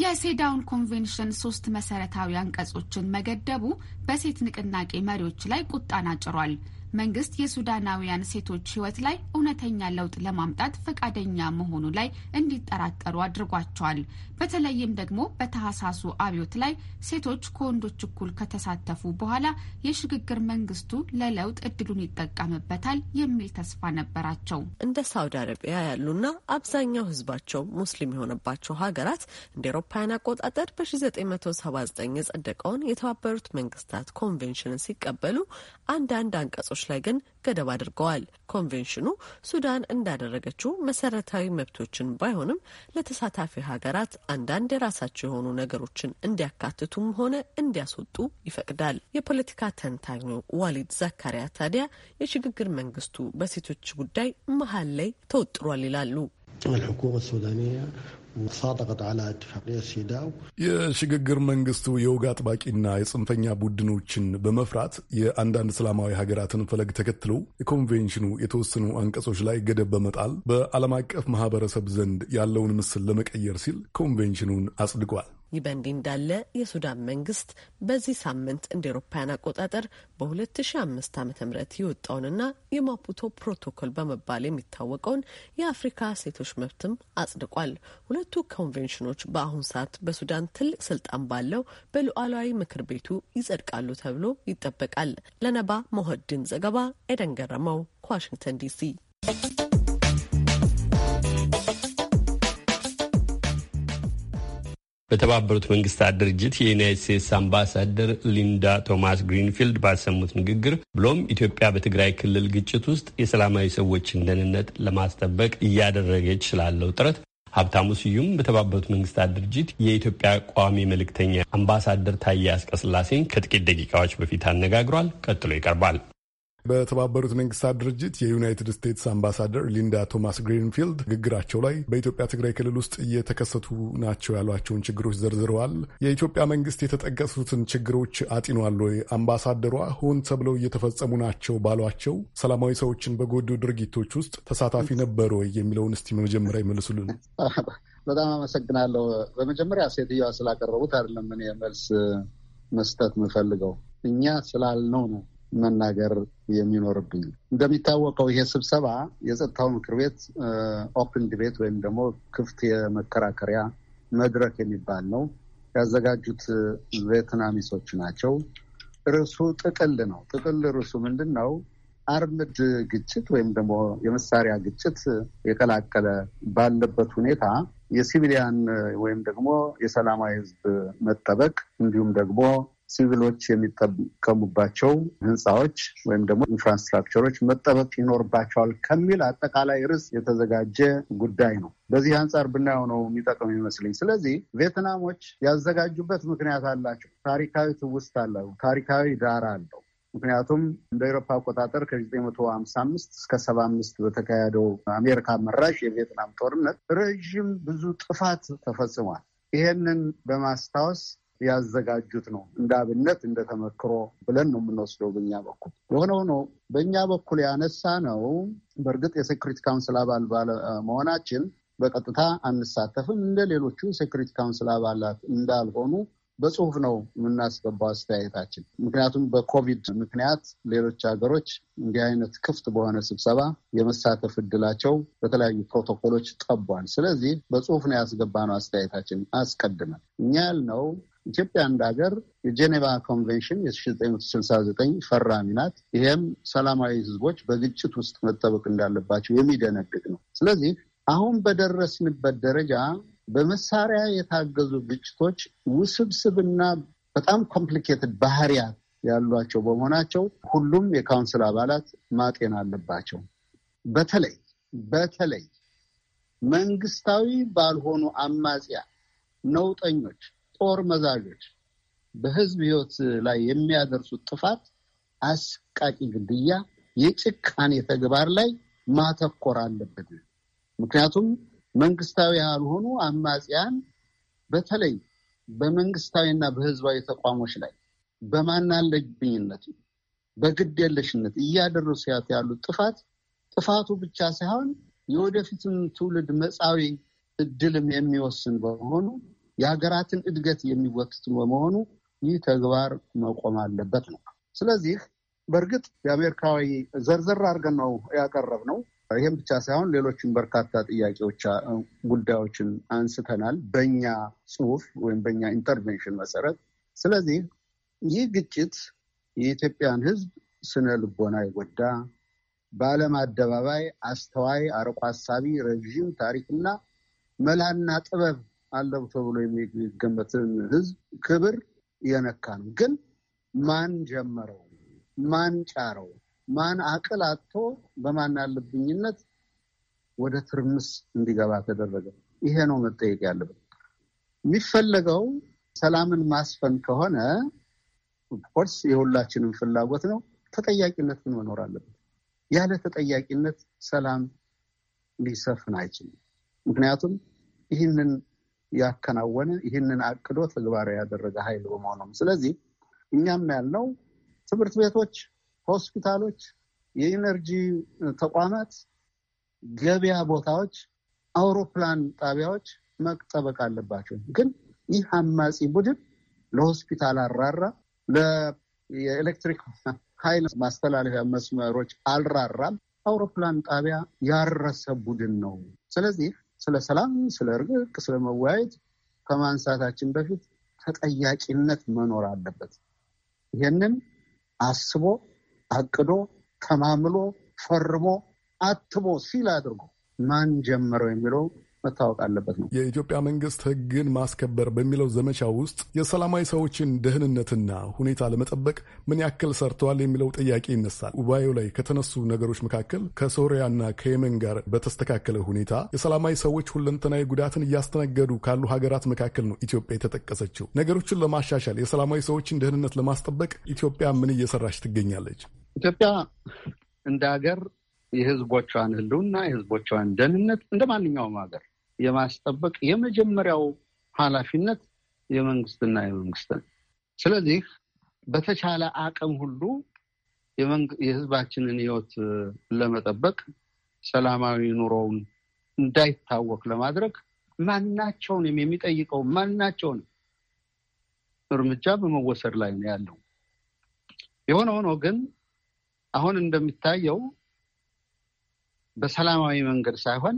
የሴዳውን ኮንቬንሽን ሶስት መሰረታዊ አንቀጾችን መገደቡ በሴት ንቅናቄ መሪዎች ላይ ቁጣን አጭሯል። መንግስት የሱዳናውያን ሴቶች ህይወት ላይ እውነተኛ ለውጥ ለማምጣት ፈቃደኛ መሆኑ ላይ እንዲጠራጠሩ አድርጓቸዋል። በተለይም ደግሞ በታህሳሱ አብዮት ላይ ሴቶች ከወንዶች እኩል ከተሳተፉ በኋላ የሽግግር መንግስቱ ለለውጥ እድሉን ይጠቀምበታል የሚል ተስፋ ነበራቸው። እንደ ሳውዲ አረቢያ ያሉና አብዛኛው ህዝባቸው ሙስሊም የሆነባቸው ሀገራት እንደ ኤሮፓውያን አቆጣጠር በ1979 የጸደቀውን የተባበሩት መንግስታት ኮንቬንሽንን ሲቀበሉ አንዳንድ አንቀጾች መብቶች ላይ ግን ገደብ አድርገዋል። ኮንቬንሽኑ ሱዳን እንዳደረገችው መሰረታዊ መብቶችን ባይሆንም ለተሳታፊ ሀገራት አንዳንድ የራሳቸው የሆኑ ነገሮችን እንዲያካትቱም ሆነ እንዲያስወጡ ይፈቅዳል። የፖለቲካ ተንታኙ ዋሊድ ዘካሪያ ታዲያ የሽግግር መንግስቱ በሴቶች ጉዳይ መሀል ላይ ተወጥሯል ይላሉ። የሽግግር መንግስቱ የወግ አጥባቂና የጽንፈኛ ቡድኖችን በመፍራት የአንዳንድ እስላማዊ ሀገራትን ፈለግ ተከትሎ የኮንቬንሽኑ የተወሰኑ አንቀጾች ላይ ገደብ በመጣል በዓለም አቀፍ ማህበረሰብ ዘንድ ያለውን ምስል ለመቀየር ሲል ኮንቬንሽኑን አጽድቋል። ይህ በእንዲህ እንዳለ የሱዳን መንግስት በዚህ ሳምንት እንደ ኤሮፓያን አቆጣጠር በ2005 ዓ ም የወጣውንና የማፑቶ ፕሮቶኮል በመባል የሚታወቀውን የአፍሪካ ሴቶች መብትም አጽድቋል። ሁለቱ ኮንቬንሽኖች በአሁን ሰዓት በሱዳን ትልቅ ስልጣን ባለው በሉዓላዊ ምክር ቤቱ ይጸድቃሉ ተብሎ ይጠበቃል። ለነባ መሆድን ዘገባ ኤደን ገረመው ከዋሽንግተን ዲሲ በተባበሩት መንግስታት ድርጅት የዩናይት ስቴትስ አምባሳደር ሊንዳ ቶማስ ግሪንፊልድ ባሰሙት ንግግር ብሎም ኢትዮጵያ በትግራይ ክልል ግጭት ውስጥ የሰላማዊ ሰዎችን ደህንነት ለማስጠበቅ እያደረገች ስላለው ጥረት ሀብታሙ ስዩም በተባበሩት መንግስታት ድርጅት የኢትዮጵያ ቋሚ መልእክተኛ አምባሳደር ታዬ አስቀስላሴን ከጥቂት ደቂቃዎች በፊት አነጋግሯል። ቀጥሎ ይቀርባል። በተባበሩት መንግስታት ድርጅት የዩናይትድ ስቴትስ አምባሳደር ሊንዳ ቶማስ ግሪንፊልድ ንግግራቸው ላይ በኢትዮጵያ ትግራይ ክልል ውስጥ እየተከሰቱ ናቸው ያሏቸውን ችግሮች ዘርዝረዋል። የኢትዮጵያ መንግስት የተጠቀሱትን ችግሮች አጢኗል ወይ? አምባሳደሯ ሆን ተብለው እየተፈጸሙ ናቸው ባሏቸው ሰላማዊ ሰዎችን በጎዱ ድርጊቶች ውስጥ ተሳታፊ ነበር ወይ የሚለውን እስቲ መጀመሪያ ይመልሱልን። [laughs] በጣም አመሰግናለሁ። በመጀመሪያ ሴትዮዋ ስላቀረቡት አይደለም እኔ መልስ መስጠት የምፈልገው እኛ ስላልነው ነው መናገር የሚኖርብኝ። እንደሚታወቀው ይሄ ስብሰባ የጸጥታው ምክር ቤት ኦፕን ዲቤት ወይም ደግሞ ክፍት የመከራከሪያ መድረክ የሚባል ነው። ያዘጋጁት ቬትናሚሶች ናቸው። ርዕሱ ጥቅል ነው። ጥቅል ርዕሱ ምንድን ነው? አርምድ ግጭት ወይም ደግሞ የመሳሪያ ግጭት የቀላቀለ ባለበት ሁኔታ የሲቪሊያን ወይም ደግሞ የሰላማዊ ሕዝብ መጠበቅ እንዲሁም ደግሞ ሲቪሎች የሚጠቀሙባቸው ህንፃዎች ወይም ደግሞ ኢንፍራስትራክቸሮች መጠበቅ ይኖርባቸዋል ከሚል አጠቃላይ ርዕስ የተዘጋጀ ጉዳይ ነው። በዚህ አንጻር ብናየው ነው የሚጠቅም ይመስለኝ። ስለዚህ ቬትናሞች ያዘጋጁበት ምክንያት አላቸው። ታሪካዊ ትውስት አለው። ታሪካዊ ዳራ አለው። ምክንያቱም እንደ ኤሮፓ አቆጣጠር ከ955 እስከ 75 በተካሄደው አሜሪካ መራሽ የቪየትናም ጦርነት ረዥም ብዙ ጥፋት ተፈጽሟል። ይሄንን በማስታወስ ያዘጋጁት ነው። እንደ አብነት እንደ ተመክሮ ብለን ነው የምንወስደው በእኛ በኩል። የሆነ ሆኖ በእኛ በኩል ያነሳ ነው። በእርግጥ የሴኩሪቲ ካውንስል አባል ባለመሆናችን በቀጥታ አንሳተፍም። እንደ ሌሎቹ ሴኩሪቲ ካውንስል አባላት እንዳልሆኑ በጽሁፍ ነው የምናስገባው አስተያየታችን። ምክንያቱም በኮቪድ ምክንያት ሌሎች ሀገሮች እንዲህ አይነት ክፍት በሆነ ስብሰባ የመሳተፍ እድላቸው በተለያዩ ፕሮቶኮሎች ጠቧል። ስለዚህ በጽሁፍ ነው ያስገባነው አስተያየታችን አስቀድመን እኛ ያልነው ኢትዮጵያ እንደ ሀገር የጄኔቫ ኮንቬንሽን የ1969 ፈራሚ ናት። ይሄም ሰላማዊ ህዝቦች በግጭት ውስጥ መጠበቅ እንዳለባቸው የሚደነግግ ነው። ስለዚህ አሁን በደረስንበት ደረጃ በመሳሪያ የታገዙ ግጭቶች ውስብስብና በጣም ኮምፕሊኬትድ ባህሪያት ያሏቸው በመሆናቸው ሁሉም የካውንስል አባላት ማጤን አለባቸው። በተለይ በተለይ መንግስታዊ ባልሆኑ አማጽያ ነውጠኞች ጦር መዛዦች በህዝብ ህይወት ላይ የሚያደርሱት ጥፋት፣ አስቃቂ ግድያ፣ የጭካኔ ተግባር ላይ ማተኮር አለብን። ምክንያቱም መንግስታዊ ያልሆኑ አማጽያን በተለይ በመንግስታዊና በህዝባዊ ተቋሞች ላይ በማናለብኝነት በግድ የለሽነት እያደረሱ ያሉት ጥፋት ጥፋቱ ብቻ ሳይሆን የወደፊትን ትውልድ መጻዊ እድልም የሚወስን በመሆኑ የሀገራትን እድገት የሚወክስ በመሆኑ ይህ ተግባር መቆም አለበት ነው። ስለዚህ በእርግጥ የአሜሪካዊ ዘርዘር አድርገን ነው ያቀረብ ነው። ይህም ብቻ ሳይሆን ሌሎችም በርካታ ጥያቄዎች፣ ጉዳዮችን አንስተናል በኛ ጽሁፍ ወይም በኛ ኢንተርቬንሽን መሰረት። ስለዚህ ይህ ግጭት የኢትዮጵያን ሕዝብ ስነ ልቦና የጎዳ በዓለም አደባባይ አስተዋይ፣ አርቆ ሀሳቢ፣ ረዥም ታሪክና መላና ጥበብ አለው ተብሎ የሚገመትን ህዝብ ክብር የነካ ነው። ግን ማን ጀመረው? ማን ጫረው? ማን አቅል አጥቶ በማን አለብኝነት ወደ ትርምስ እንዲገባ ተደረገ? ይሄ ነው መጠየቅ ያለበት። የሚፈለገው ሰላምን ማስፈን ከሆነ ኦፍኮርስ የሁላችንም ፍላጎት ነው። ተጠያቂነት መኖር አለበት። ያለ ተጠያቂነት ሰላም ሊሰፍን አይችልም። ምክንያቱም ይህንን ያከናወነ ይህንን አቅዶ ተግባራዊ ያደረገ ኃይል በመሆኑም ስለዚህ እኛም ያልነው ትምህርት ቤቶች፣ ሆስፒታሎች፣ የኢነርጂ ተቋማት፣ ገበያ ቦታዎች፣ አውሮፕላን ጣቢያዎች መጠበቅ አለባቸው። ግን ይህ አማጺ ቡድን ለሆስፒታል አራራ ለኤሌክትሪክ ኃይል ማስተላለፊያ መስመሮች አልራራም፣ አውሮፕላን ጣቢያ ያረሰ ቡድን ነው። ስለዚህ ስለ ሰላም፣ ስለ እርቅ፣ ስለ መወያየት ከማንሳታችን በፊት ተጠያቂነት መኖር አለበት። ይህንን አስቦ አቅዶ ተማምሎ ፈርሞ አትሞ ሲል አድርጎ ማን ጀመረው የሚለው መታወቅ አለበት ነው። የኢትዮጵያ መንግስት ህግን ማስከበር በሚለው ዘመቻ ውስጥ የሰላማዊ ሰዎችን ደህንነትና ሁኔታ ለመጠበቅ ምን ያክል ሰርተዋል የሚለው ጥያቄ ይነሳል። ጉባኤው ላይ ከተነሱ ነገሮች መካከል ከሶሪያና ከየመን ጋር በተስተካከለ ሁኔታ የሰላማዊ ሰዎች ሁለንተናዊ ጉዳትን እያስተናገዱ ካሉ ሀገራት መካከል ነው ኢትዮጵያ የተጠቀሰችው። ነገሮችን ለማሻሻል የሰላማዊ ሰዎችን ደህንነት ለማስጠበቅ ኢትዮጵያ ምን እየሰራች ትገኛለች? ኢትዮጵያ እንደ ሀገር የህዝቦቿን ህልውና የህዝቦቿን ደህንነት እንደ ማንኛውም ሀገር የማስጠበቅ የመጀመሪያው ኃላፊነት የመንግስትና የመንግስት ነው። ስለዚህ በተቻለ አቅም ሁሉ የህዝባችንን ህይወት ለመጠበቅ ሰላማዊ ኑሮውን እንዳይታወቅ ለማድረግ ማናቸውንም የሚጠይቀው ማናቸውን እርምጃ በመወሰድ ላይ ነው ያለው። የሆነ ሆኖ ግን አሁን እንደሚታየው በሰላማዊ መንገድ ሳይሆን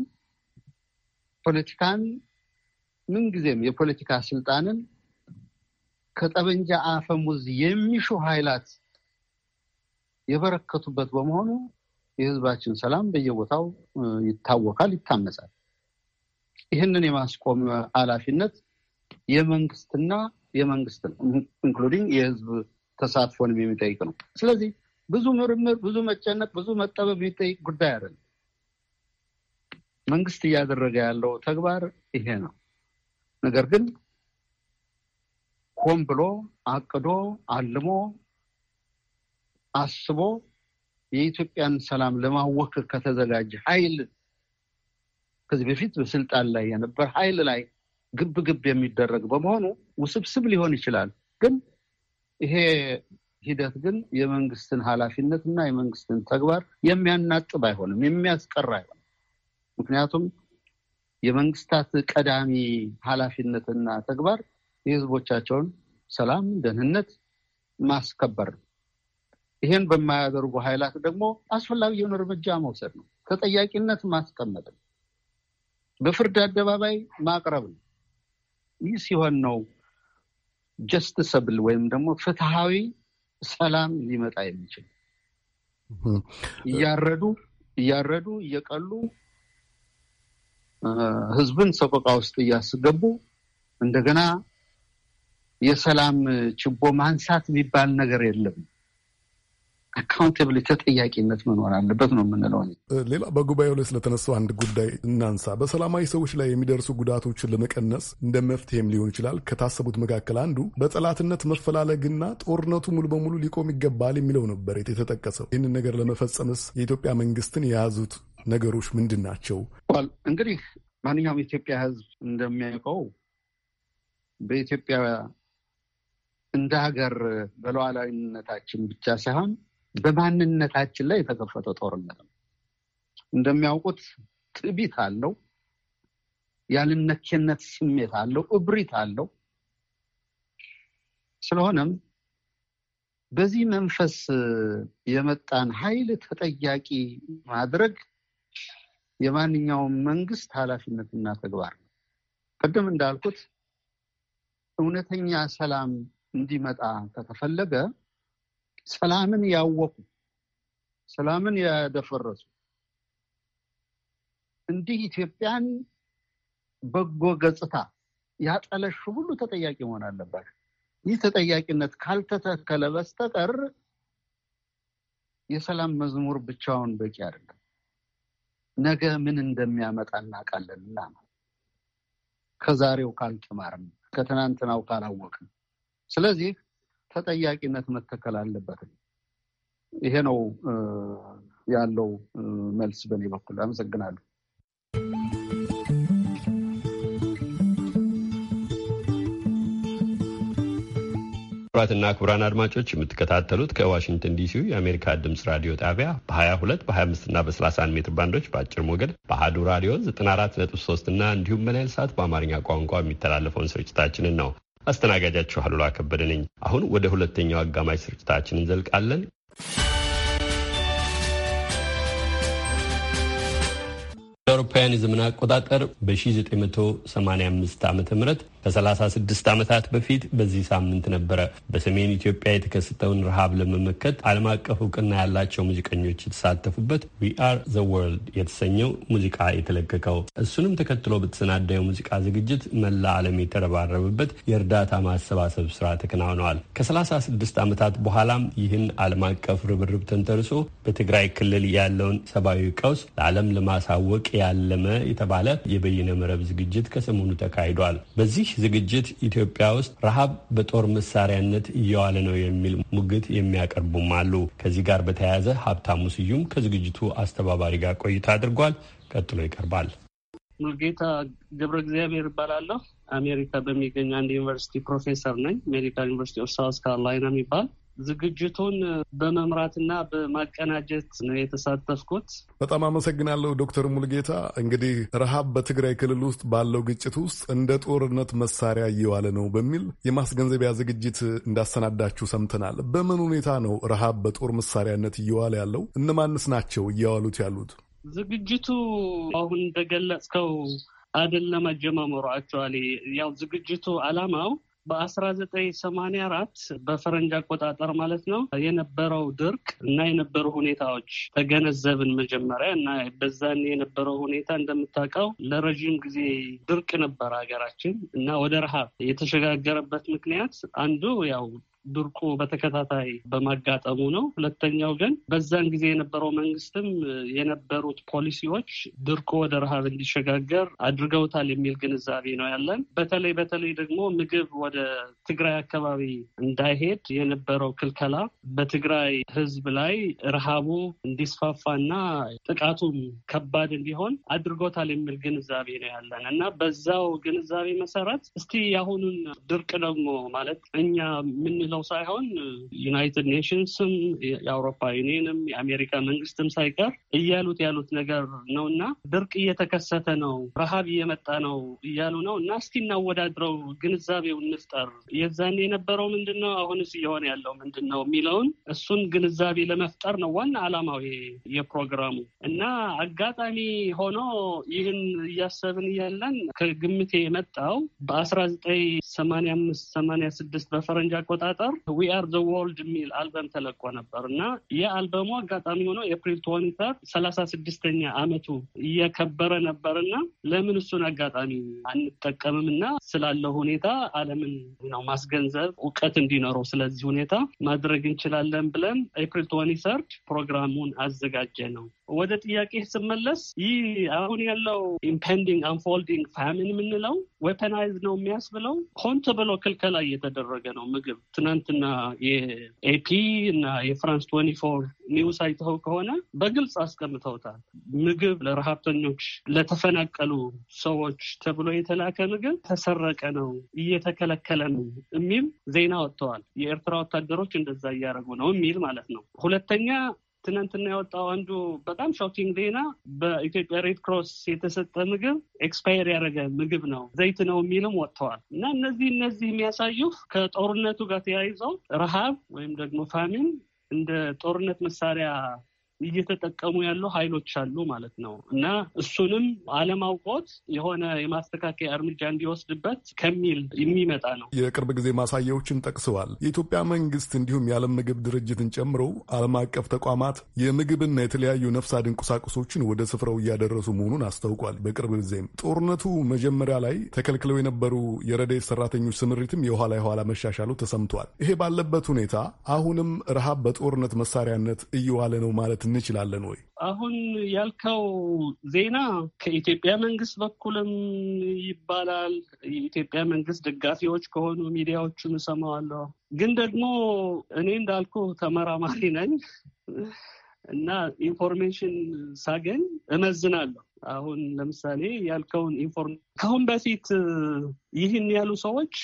ፖለቲካን ምንጊዜም የፖለቲካ ስልጣንን ከጠመንጃ አፈሙዝ የሚሹ ኃይላት የበረከቱበት በመሆኑ የህዝባችን ሰላም በየቦታው ይታወካል፣ ይታመሳል። ይህንን የማስቆም ኃላፊነት የመንግስትና የመንግስት ነው፣ ኢንክሉዲንግ የህዝብ ተሳትፎንም የሚጠይቅ ነው። ስለዚህ ብዙ ምርምር፣ ብዙ መጨነቅ፣ ብዙ መጠበብ የሚጠይቅ ጉዳይ አይደለም። መንግስት እያደረገ ያለው ተግባር ይሄ ነው። ነገር ግን ሆን ብሎ አቅዶ አልሞ አስቦ የኢትዮጵያን ሰላም ለማወክ ከተዘጋጀ ኃይል ከዚህ በፊት በስልጣን ላይ የነበር ኃይል ላይ ግብ ግብ የሚደረግ በመሆኑ ውስብስብ ሊሆን ይችላል። ግን ይሄ ሂደት ግን የመንግስትን ኃላፊነት እና የመንግስትን ተግባር የሚያናጥብ አይሆንም፣ የሚያስቀር አይሆንም። ምክንያቱም የመንግስታት ቀዳሚ ኃላፊነትና ተግባር የህዝቦቻቸውን ሰላም፣ ደህንነት ማስከበር ነው። ይህን በማያደርጉ ኃይላት ደግሞ አስፈላጊውን እርምጃ መውሰድ ነው። ተጠያቂነት ማስቀመጥ ነው። በፍርድ አደባባይ ማቅረብ ነው። ይህ ሲሆን ነው ጀስትሰብል ወይም ደግሞ ፍትሃዊ ሰላም ሊመጣ የሚችል እያረዱ እያረዱ እየቀሉ ህዝብን ሰቆቃ ውስጥ እያስገቡ እንደገና የሰላም ችቦ ማንሳት የሚባል ነገር የለም። አካውንታብሊቲ ተጠያቂነት መኖር አለበት ነው የምንለው። ሌላ በጉባኤው ላይ ስለተነሱ አንድ ጉዳይ እናንሳ። በሰላማዊ ሰዎች ላይ የሚደርሱ ጉዳቶችን ለመቀነስ እንደ መፍትሄም ሊሆን ይችላል ከታሰቡት መካከል አንዱ በጠላትነት መፈላለግና ጦርነቱ ሙሉ በሙሉ ሊቆም ይገባል የሚለው ነበር የተጠቀሰው። ይህንን ነገር ለመፈጸምስ የኢትዮጵያ መንግስትን የያዙት ነገሮች ምንድን ናቸው? እንግዲህ ማንኛውም የኢትዮጵያ ሕዝብ እንደሚያውቀው በኢትዮጵያ እንደ ሀገር በሉዓላዊነታችን ብቻ ሳይሆን በማንነታችን ላይ የተከፈተው ጦርነት ነው። እንደሚያውቁት ትዕቢት አለው፣ ያልነኬነት ስሜት አለው፣ እብሪት አለው። ስለሆነም በዚህ መንፈስ የመጣን ኃይል ተጠያቂ ማድረግ የማንኛውም መንግስት ኃላፊነትና ተግባር ነው። ቅድም እንዳልኩት እውነተኛ ሰላም እንዲመጣ ከተፈለገ ሰላምን ያወቁ፣ ሰላምን ያደፈረሱ እንዲህ ኢትዮጵያን በጎ ገጽታ ያጠለሹ ሁሉ ተጠያቂ መሆን አለባቸው። ይህ ተጠያቂነት ካልተተከለ በስተቀር የሰላም መዝሙር ብቻውን በቂ አይደለም። ነገ ምን እንደሚያመጣ እናውቃለንና ነው። ከዛሬው ካልተማርም ከትናንትናው ካላወቅም፣ ስለዚህ ተጠያቂነት መተከል አለበት። ይሄ ነው ያለው መልስ በእኔ በኩል። አመሰግናለሁ። ክቡራትና ክቡራን አድማጮች የምትከታተሉት ከዋሽንግተን ዲሲ የአሜሪካ ድምጽ ራዲዮ ጣቢያ በ22 በ25 እና በ31 ሜትር ባንዶች በአጭር ሞገድ በአሀዱ ራዲዮ 94.3 እና እንዲሁም በናይል ሰዓት በአማርኛ ቋንቋ የሚተላለፈውን ስርጭታችንን ነው። አስተናጋጃችሁ አሉላ ከበደ ነኝ። አሁን ወደ ሁለተኛው አጋማሽ ስርጭታችን እንዘልቃለን። ለአውሮፓውያን የዘመን አቆጣጠር በ1985 ዓ ም ከ36 ዓመታት በፊት በዚህ ሳምንት ነበረ በሰሜን ኢትዮጵያ የተከሰተውን ረሃብ ለመመከት ዓለም አቀፍ እውቅና ያላቸው ሙዚቀኞች የተሳተፉበት ዊአር ዘ ወርልድ የተሰኘው ሙዚቃ የተለቀቀው። እሱንም ተከትሎ በተሰናዳ የሙዚቃ ዝግጅት መላ ዓለም የተረባረበበት የእርዳታ ማሰባሰብ ስራ ተከናውነዋል። ከ36 ዓመታት በኋላም ይህን ዓለም አቀፍ ርብርብ ተንተርሶ በትግራይ ክልል ያለውን ሰብአዊ ቀውስ ለዓለም ለማሳወቅ ያለመ የተባለ የበይነ መረብ ዝግጅት ከሰሞኑ ተካሂዷል። በዚህ ዝግጅት ኢትዮጵያ ውስጥ ረሃብ በጦር መሳሪያነት እየዋለ ነው የሚል ሙግት የሚያቀርቡም አሉ። ከዚህ ጋር በተያያዘ ሀብታሙ ስዩም ከዝግጅቱ አስተባባሪ ጋር ቆይታ አድርጓል። ቀጥሎ ይቀርባል። ሙልጌታ ገብረ እግዚአብሔር ይባላለሁ። አሜሪካ በሚገኝ አንድ ዩኒቨርሲቲ ፕሮፌሰር ነኝ። ሜዲካል ዩኒቨርሲቲ ኦፍ ሳውስ ካሮላይና የሚባል ዝግጅቱን በመምራትና በማቀናጀት ነው የተሳተፍኩት። በጣም አመሰግናለሁ ዶክተር ሙልጌታ። እንግዲህ ረሃብ በትግራይ ክልል ውስጥ ባለው ግጭት ውስጥ እንደ ጦርነት መሳሪያ እየዋለ ነው በሚል የማስገንዘቢያ ዝግጅት እንዳሰናዳችሁ ሰምተናል። በምን ሁኔታ ነው ረሃብ በጦር መሳሪያነት እየዋለ ያለው? እነማንስ ናቸው እያዋሉት ያሉት? ዝግጅቱ አሁን እንደገለጽከው አይደለም አጀማመሩ። አክቹዋሊ ያው ዝግጅቱ አላማው በ1984 በፈረንጅ አቆጣጠር ማለት ነው የነበረው ድርቅ እና የነበሩ ሁኔታዎች ተገነዘብን መጀመሪያ እና በዛን የነበረው ሁኔታ እንደምታውቀው ለረዥም ጊዜ ድርቅ ነበር ሀገራችን እና ወደ ረሃብ የተሸጋገረበት ምክንያት አንዱ ያው ድርቁ በተከታታይ በማጋጠሙ ነው። ሁለተኛው ግን በዛን ጊዜ የነበረው መንግስትም የነበሩት ፖሊሲዎች ድርቁ ወደ ረሃብ እንዲሸጋገር አድርገውታል የሚል ግንዛቤ ነው ያለን። በተለይ በተለይ ደግሞ ምግብ ወደ ትግራይ አካባቢ እንዳይሄድ የነበረው ክልከላ በትግራይ ህዝብ ላይ ረሃቡ እንዲስፋፋና ጥቃቱም ከባድ እንዲሆን አድርጎታል የሚል ግንዛቤ ነው ያለን እና በዛው ግንዛቤ መሰረት እስቲ የአሁኑን ድርቅ ደግሞ ማለት እኛ ምን ያለው ሳይሆን ዩናይትድ ኔሽንስም የአውሮፓ ዩኒየንም የአሜሪካ መንግስትም ሳይቀር እያሉት ያሉት ነገር ነው እና ድርቅ እየተከሰተ ነው፣ ረሃብ እየመጣ ነው እያሉ ነው እና እስቲ እናወዳድረው፣ ግንዛቤው እንፍጠር፣ የዛኔ የነበረው ምንድን ነው፣ አሁንስ እየሆነ ያለው ምንድን ነው የሚለውን እሱን ግንዛቤ ለመፍጠር ነው ዋና አላማዊ የፕሮግራሙ እና አጋጣሚ ሆኖ ይህን እያሰብን እያለን ከግምቴ የመጣው በአስራ ዘጠኝ ሰማንያ አምስት ሰማንያ ስድስት በፈረንጅ አቆጣጠር ነበር። ዊ አር ዘ ወርልድ የሚል አልበም ተለቆ ነበር እና የአልበሙ አጋጣሚ ሆኖ ኤፕሪል ትወንተር ሰላሳ ስድስተኛ አመቱ እየከበረ ነበር እና ለምን እሱን አጋጣሚ አንጠቀምም እና ስላለው ሁኔታ አለምን ነው ማስገንዘብ እውቀት እንዲኖረው ስለዚህ ሁኔታ ማድረግ እንችላለን ብለን ኤፕሪል ትወኒ ሰርድ ፕሮግራሙን አዘጋጀ ነው። ወደ ጥያቄ ስመለስ ይህ አሁን ያለው ኢምፔንዲንግ አንፎልዲንግ ፋሚን የምንለው ዌፐናይዝ ነው የሚያስብለው ሆንት ብሎ ክልከላ እየተደረገ ነው ምግብ። ትናንትና የኤፒ እና የፍራንስ ትዌንቲ ፎር ኒውስ አይተው ከሆነ በግልጽ አስቀምጠውታል። ምግብ ለረሃብተኞች፣ ለተፈናቀሉ ሰዎች ተብሎ የተላከ ምግብ ተሰረቀ ነው እየተከለከለ ነው የሚል ዜና ወጥተዋል። የኤርትራ ወታደሮች እንደዛ እያደረጉ ነው የሚል ማለት ነው። ሁለተኛ ትናንትና ያወጣው አንዱ በጣም ሾኪንግ ዜና በኢትዮጵያ ሬድ ክሮስ የተሰጠ ምግብ ኤክስፓየር ያደረገ ምግብ ነው፣ ዘይት ነው የሚልም ወጥተዋል። እና እነዚህ እነዚህ የሚያሳዩ ከጦርነቱ ጋር ተያይዘው ረሃብ ወይም ደግሞ ፋሚን እንደ ጦርነት መሳሪያ እየተጠቀሙ ያሉ ኃይሎች አሉ ማለት ነው እና እሱንም አለማውቆት የሆነ የማስተካከያ እርምጃ እንዲወስድበት ከሚል የሚመጣ ነው። የቅርብ ጊዜ ማሳያዎችን ጠቅሰዋል። የኢትዮጵያ መንግስት እንዲሁም የዓለም ምግብ ድርጅትን ጨምሮ ዓለም አቀፍ ተቋማት የምግብና የተለያዩ ነፍስ አድን ቁሳቁሶችን ወደ ስፍራው እያደረሱ መሆኑን አስታውቋል። በቅርብ ጊዜም ጦርነቱ መጀመሪያ ላይ ተከልክለው የነበሩ የረድኤት ሰራተኞች ስምሪትም የኋላ የኋላ መሻሻሉ ተሰምቷል። ይሄ ባለበት ሁኔታ አሁንም ረሃብ በጦርነት መሳሪያነት እየዋለ ነው ማለት እንችላለን ወይ? አሁን ያልከው ዜና ከኢትዮጵያ መንግስት በኩልም ይባላል። የኢትዮጵያ መንግስት ደጋፊዎች ከሆኑ ሚዲያዎቹን እሰማዋለሁ። ግን ደግሞ እኔ እንዳልኩ ተመራማሪ ነኝ እና ኢንፎርሜሽን ሳገኝ እመዝናለሁ። አሁን ለምሳሌ ያልከውን ኢንፎርሜሽን ከአሁን በፊት ይህን ያሉ ሰዎች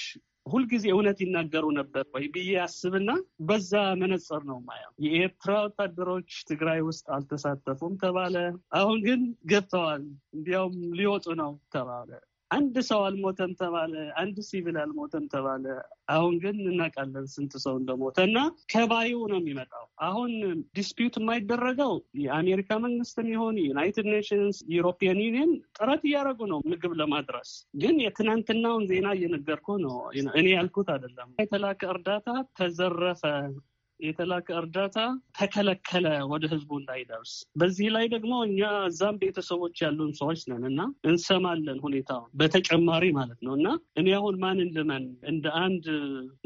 ሁልጊዜ እውነት ይናገሩ ነበር ወይ ብዬ አስብና በዛ መነጽር ነው ማየው። የኤርትራ ወታደሮች ትግራይ ውስጥ አልተሳተፉም ተባለ። አሁን ግን ገብተዋል፣ እንዲያውም ሊወጡ ነው ተባለ። አንድ ሰው አልሞተም ተባለ፣ አንድ ሲቪል አልሞተም ተባለ። አሁን ግን እናውቃለን ስንት ሰው እንደሞተ እና ከባዩ ነው የሚመጣው። አሁን ዲስፒዩት የማይደረገው የአሜሪካ መንግስትም ይሆን ዩናይትድ ኔሽንስ፣ ዩሮፒያን ዩኒየን ጥረት እያደረጉ ነው ምግብ ለማድረስ ግን የትናንትናውን ዜና እየነገርኩ ነው። እኔ ያልኩት አይደለም። የተላከ እርዳታ ተዘረፈ የተላከ እርዳታ ተከለከለ፣ ወደ ህዝቡ እንዳይደርስ። በዚህ ላይ ደግሞ እኛ እዛም ቤተሰቦች ያሉን ሰዎች ነን እና እንሰማለን ሁኔታውን በተጨማሪ ማለት ነው እና እኔ አሁን ማንን ልመን? እንደ አንድ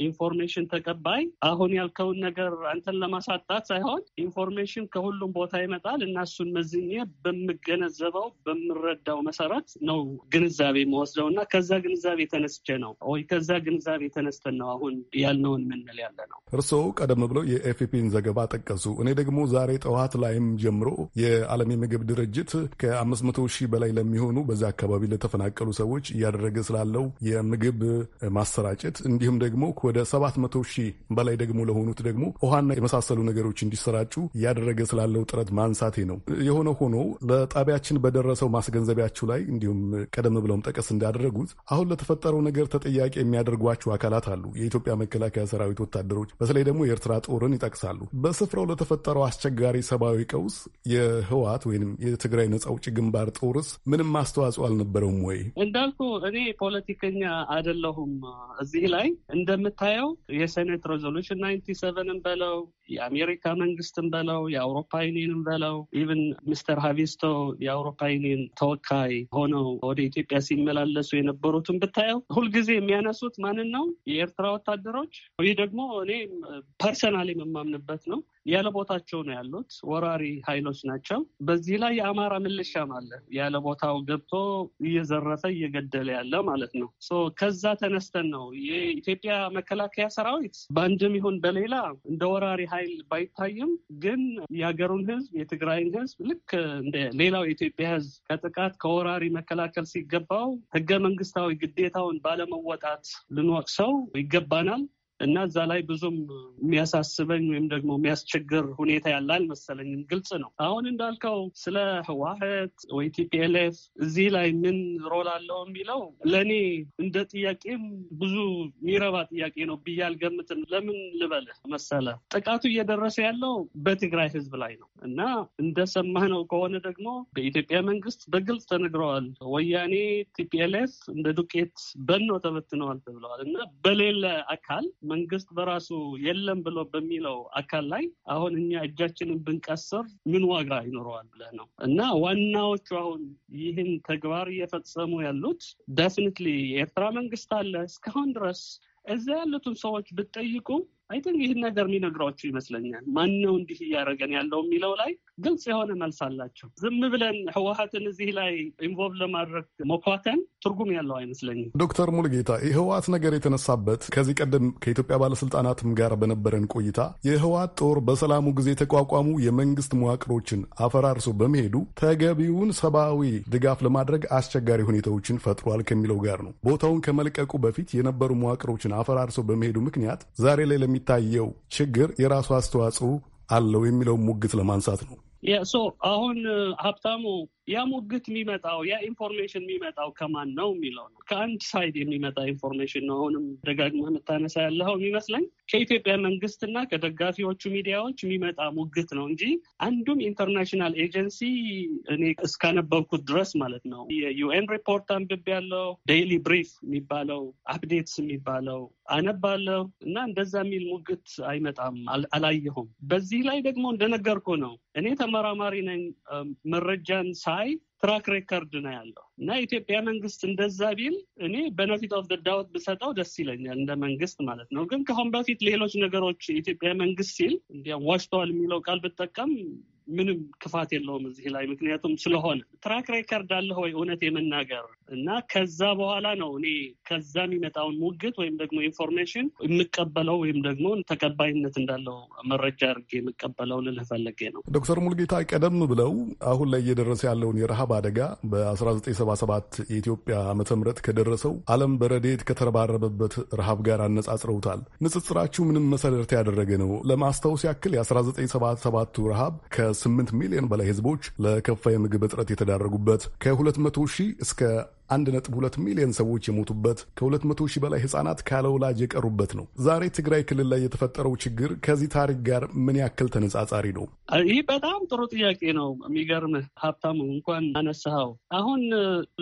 ኢንፎርሜሽን ተቀባይ አሁን ያልከውን ነገር አንተን ለማሳጣት ሳይሆን ኢንፎርሜሽን ከሁሉም ቦታ ይመጣል እና እሱን መዝኜ በምገነዘበው በምረዳው መሰረት ነው ግንዛቤ መወስደው እና ከዛ ግንዛቤ ተነስቼ ነው ወይ ከዛ ግንዛቤ ተነስተን ነው አሁን ያልነውን ምንል ያለ ነው። እርስዎ ቀደም ብሎ ብለው የኤፍፒን ዘገባ ጠቀሱ። እኔ ደግሞ ዛሬ ጠዋት ላይም ጀምሮ የዓለም የምግብ ድርጅት ከ500 ሺህ በላይ ለሚሆኑ በዚ አካባቢ ለተፈናቀሉ ሰዎች እያደረገ ስላለው የምግብ ማሰራጨት እንዲሁም ደግሞ ወደ 700 ሺህ በላይ ደግሞ ለሆኑት ደግሞ ውሃና የመሳሰሉ ነገሮች እንዲሰራጩ እያደረገ ስላለው ጥረት ማንሳቴ ነው። የሆነ ሆኖ ለጣቢያችን በደረሰው ማስገንዘቢያችሁ ላይ እንዲሁም ቀደም ብለውም ጠቀስ እንዳደረጉት አሁን ለተፈጠረው ነገር ተጠያቂ የሚያደርጓቸው አካላት አሉ። የኢትዮጵያ መከላከያ ሰራዊት ወታደሮች፣ በተለይ ደግሞ የኤርትራ ጦርን ይጠቅሳሉ። በስፍራው ለተፈጠረው አስቸጋሪ ሰብአዊ ቀውስ የህወሓት ወይም የትግራይ ነጻ አውጪ ግንባር ጦርስ ምንም አስተዋጽኦ አልነበረውም ወይ? እንዳልኩ እኔ ፖለቲከኛ አይደለሁም። እዚህ ላይ እንደምታየው የሴኔት ሬዞሉሽን ናይንቲ ሰቨንን በለው የአሜሪካ መንግስትን በለው የአውሮፓ ዩኒየንን በለው ኢቨን ሚስተር ሀቪስቶ የአውሮፓ ዩኒየን ተወካይ ሆነው ወደ ኢትዮጵያ ሲመላለሱ የነበሩትን ብታየው ሁልጊዜ የሚያነሱት ማንን ነው? የኤርትራ ወታደሮች። ይህ ደግሞ እኔ ፐርሰናል የምማምንበት ነው። ያለ ቦታቸው ነው ያሉት። ወራሪ ኃይሎች ናቸው። በዚህ ላይ የአማራ ምልሻም አለ ያለ ቦታው ገብቶ እየዘረፈ እየገደለ ያለ ማለት ነው። ከዛ ተነስተን ነው የኢትዮጵያ መከላከያ ሰራዊት በአንድም ይሁን በሌላ እንደ ወራሪ ኃይል ባይታይም፣ ግን የሀገሩን ህዝብ የትግራይን ህዝብ ልክ እንደ ሌላው የኢትዮጵያ ህዝብ ከጥቃት ከወራሪ መከላከል ሲገባው ህገ መንግስታዊ ግዴታውን ባለመወጣት ልንወቅሰው ይገባናል። እና እዛ ላይ ብዙም የሚያሳስበኝ ወይም ደግሞ የሚያስቸግር ሁኔታ ያለ አልመሰለኝም። ግልጽ ነው። አሁን እንዳልከው ስለ ህዋህት ወይ ቲፒኤልኤፍ እዚህ ላይ ምን ሮል አለው የሚለው ለእኔ እንደ ጥያቄም ብዙ ሚረባ ጥያቄ ነው ብዬ አልገምትም። ለምን ልበልህ መሰለ ጥቃቱ እየደረሰ ያለው በትግራይ ህዝብ ላይ ነው እና እንደሰማነው ከሆነ ደግሞ በኢትዮጵያ መንግስት በግልጽ ተነግረዋል። ወያኔ ቲፒኤልኤፍ እንደ ዱቄት በኖ ተበትነዋል ተብለዋል እና በሌለ አካል መንግስት በራሱ የለም ብሎ በሚለው አካል ላይ አሁን እኛ እጃችንን ብንቀስር ምን ዋጋ ይኖረዋል ብለህ ነው እና ዋናዎቹ አሁን ይህን ተግባር እየፈጸሙ ያሉት ደፍኒትሊ የኤርትራ መንግስት አለ እስካሁን ድረስ እዛ ያሉትን ሰዎች ብትጠይቁ አይ ቲንክ ይህን ነገር የሚነግሯቸው ይመስለኛል። ማን ነው እንዲህ እያደረገን ያለው የሚለው ላይ ግልጽ የሆነ መልስ አላቸው። ዝም ብለን ህወሀትን እዚህ ላይ ኢንቮልቭ ለማድረግ መኳተን ትርጉም ያለው አይመስለኝም። ዶክተር ሙልጌታ የህወሀት ነገር የተነሳበት ከዚህ ቀደም ከኢትዮጵያ ባለስልጣናትም ጋር በነበረን ቆይታ የህወሀት ጦር በሰላሙ ጊዜ የተቋቋሙ የመንግስት መዋቅሮችን አፈራርሶ በመሄዱ ተገቢውን ሰብአዊ ድጋፍ ለማድረግ አስቸጋሪ ሁኔታዎችን ፈጥሯል ከሚለው ጋር ነው። ቦታውን ከመልቀቁ በፊት የነበሩ መዋቅሮችን አፈራርሶ በመሄዱ ምክንያት ዛሬ ላይ ለሚ የሚታየው ችግር የራሱ አስተዋጽኦ አለው የሚለው ሙግት ለማንሳት ነው። አሁን ሀብታሙ ያ ሙግት የሚመጣው ያ ኢንፎርሜሽን የሚመጣው ከማን ነው የሚለው ነው። ከአንድ ሳይድ የሚመጣ ኢንፎርሜሽን ነው። አሁንም ደጋግመህ የምታነሳ ያለኸው የሚመስለኝ ከኢትዮጵያ መንግስትና ከደጋፊዎቹ ሚዲያዎች የሚመጣ ሙግት ነው እንጂ አንዱም ኢንተርናሽናል ኤጀንሲ እኔ እስካነበብኩት ድረስ ማለት ነው የዩኤን ሪፖርት አንብቤ ያለው ዴይሊ ብሪፍ የሚባለው አፕዴትስ የሚባለው አነባለሁ እና እንደዛ የሚል ሙግት አይመጣም፣ አላየሁም። በዚህ ላይ ደግሞ እንደነገርኩ ነው እኔ ተመራማሪ ነኝ መረጃን ሳይ ትራክ ሬከርድ ነው ያለው እና የኢትዮጵያ መንግስት እንደዛ ቢል እኔ በነፊት ኦፍ ዳውት ብሰጠው ደስ ይለኛል፣ እንደ መንግስት ማለት ነው። ግን ከአሁን በፊት ሌሎች ነገሮች የኢትዮጵያ መንግስት ሲል እንዲያም ዋሽተዋል የሚለው ቃል ብጠቀም ምንም ክፋት የለውም እዚህ ላይ ምክንያቱም ስለሆነ ትራክ ሬከርድ አለ ወይ እውነት የመናገር እና ከዛ በኋላ ነው እኔ ከዛ የሚመጣውን ሙግት ወይም ደግሞ ኢንፎርሜሽን የምቀበለው ወይም ደግሞ ተቀባይነት እንዳለው መረጃ አድርጌ የምቀበለው ልልህ ፈለጌ ነው። ዶክተር ሙልጌታ ቀደም ብለው አሁን ላይ እየደረሰ ያለውን የረሃብ አደጋ በ1977 የኢትዮጵያ ዓመተ ምህረት ከደረሰው ዓለም በረዴት ከተረባረበበት ረሃብ ጋር አነጻጽረውታል። ንጽጽራችሁ ምንም መሰረት ያደረገ ነው? ለማስታወስ ያክል የ1977ቱ ረሃብ ከ8 ሚሊዮን በላይ ህዝቦች ለከፋ የምግብ እጥረት የተዳረጉበት ከ200 ሺህ እስከ 1.2 ሚሊዮን ሰዎች የሞቱበት ከ200 ሺህ በላይ ህጻናት ካለ ወላጅ የቀሩበት ነው። ዛሬ ትግራይ ክልል ላይ የተፈጠረው ችግር ከዚህ ታሪክ ጋር ምን ያክል ተነጻጻሪ ነው? ይህ በጣም ጥሩ ጥያቄ ነው። የሚገርም ሀብታሙ እንኳን አነሳኸው። አሁን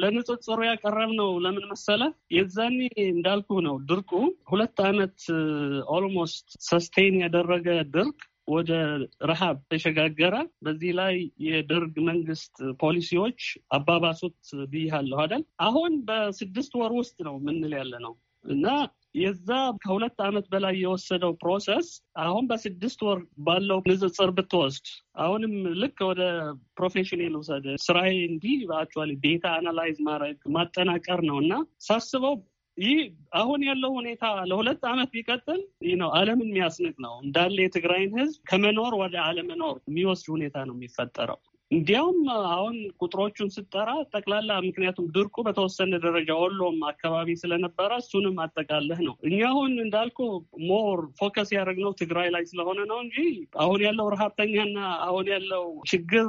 ለንጽጽሩ ያቀረብ ነው። ለምን መሰለ የዛኔ እንዳልኩ ነው ድርቁ ሁለት ዓመት ኦልሞስት ሰስቴን ያደረገ ድርቅ ወደ ረሃብ ተሸጋገረ። በዚህ ላይ የደርግ መንግስት ፖሊሲዎች አባባሱት ብያለሁ አይደል? አሁን በስድስት ወር ውስጥ ነው ምንል ያለ ነው እና የዛ ከሁለት ዓመት በላይ የወሰደው ፕሮሰስ አሁን በስድስት ወር ባለው ንጽጽር ብትወስድ አሁንም ልክ ወደ ፕሮፌሽን ልውሰድ ስራዬ እንዲህ አክቹዋሊ ዴታ አናላይዝ ማድረግ ማጠናቀር ነው እና ሳስበው ይህ አሁን ያለው ሁኔታ ለሁለት ዓመት ቢቀጥል ይህ ነው ዓለምን የሚያስንቅ ነው። እንዳለ የትግራይን ህዝብ ከመኖር ወደ አለመኖር የሚወስድ ሁኔታ ነው የሚፈጠረው። እንዲያውም አሁን ቁጥሮቹን ስጠራ ጠቅላላ ምክንያቱም ድርቁ በተወሰነ ደረጃ ወሎም አካባቢ ስለነበረ እሱንም አጠቃለህ ነው። እኛ አሁን እንዳልኩ ሞር ፎከስ ያደረግነው ትግራይ ላይ ስለሆነ ነው እንጂ አሁን ያለው ረሀብተኛና አሁን ያለው ችግር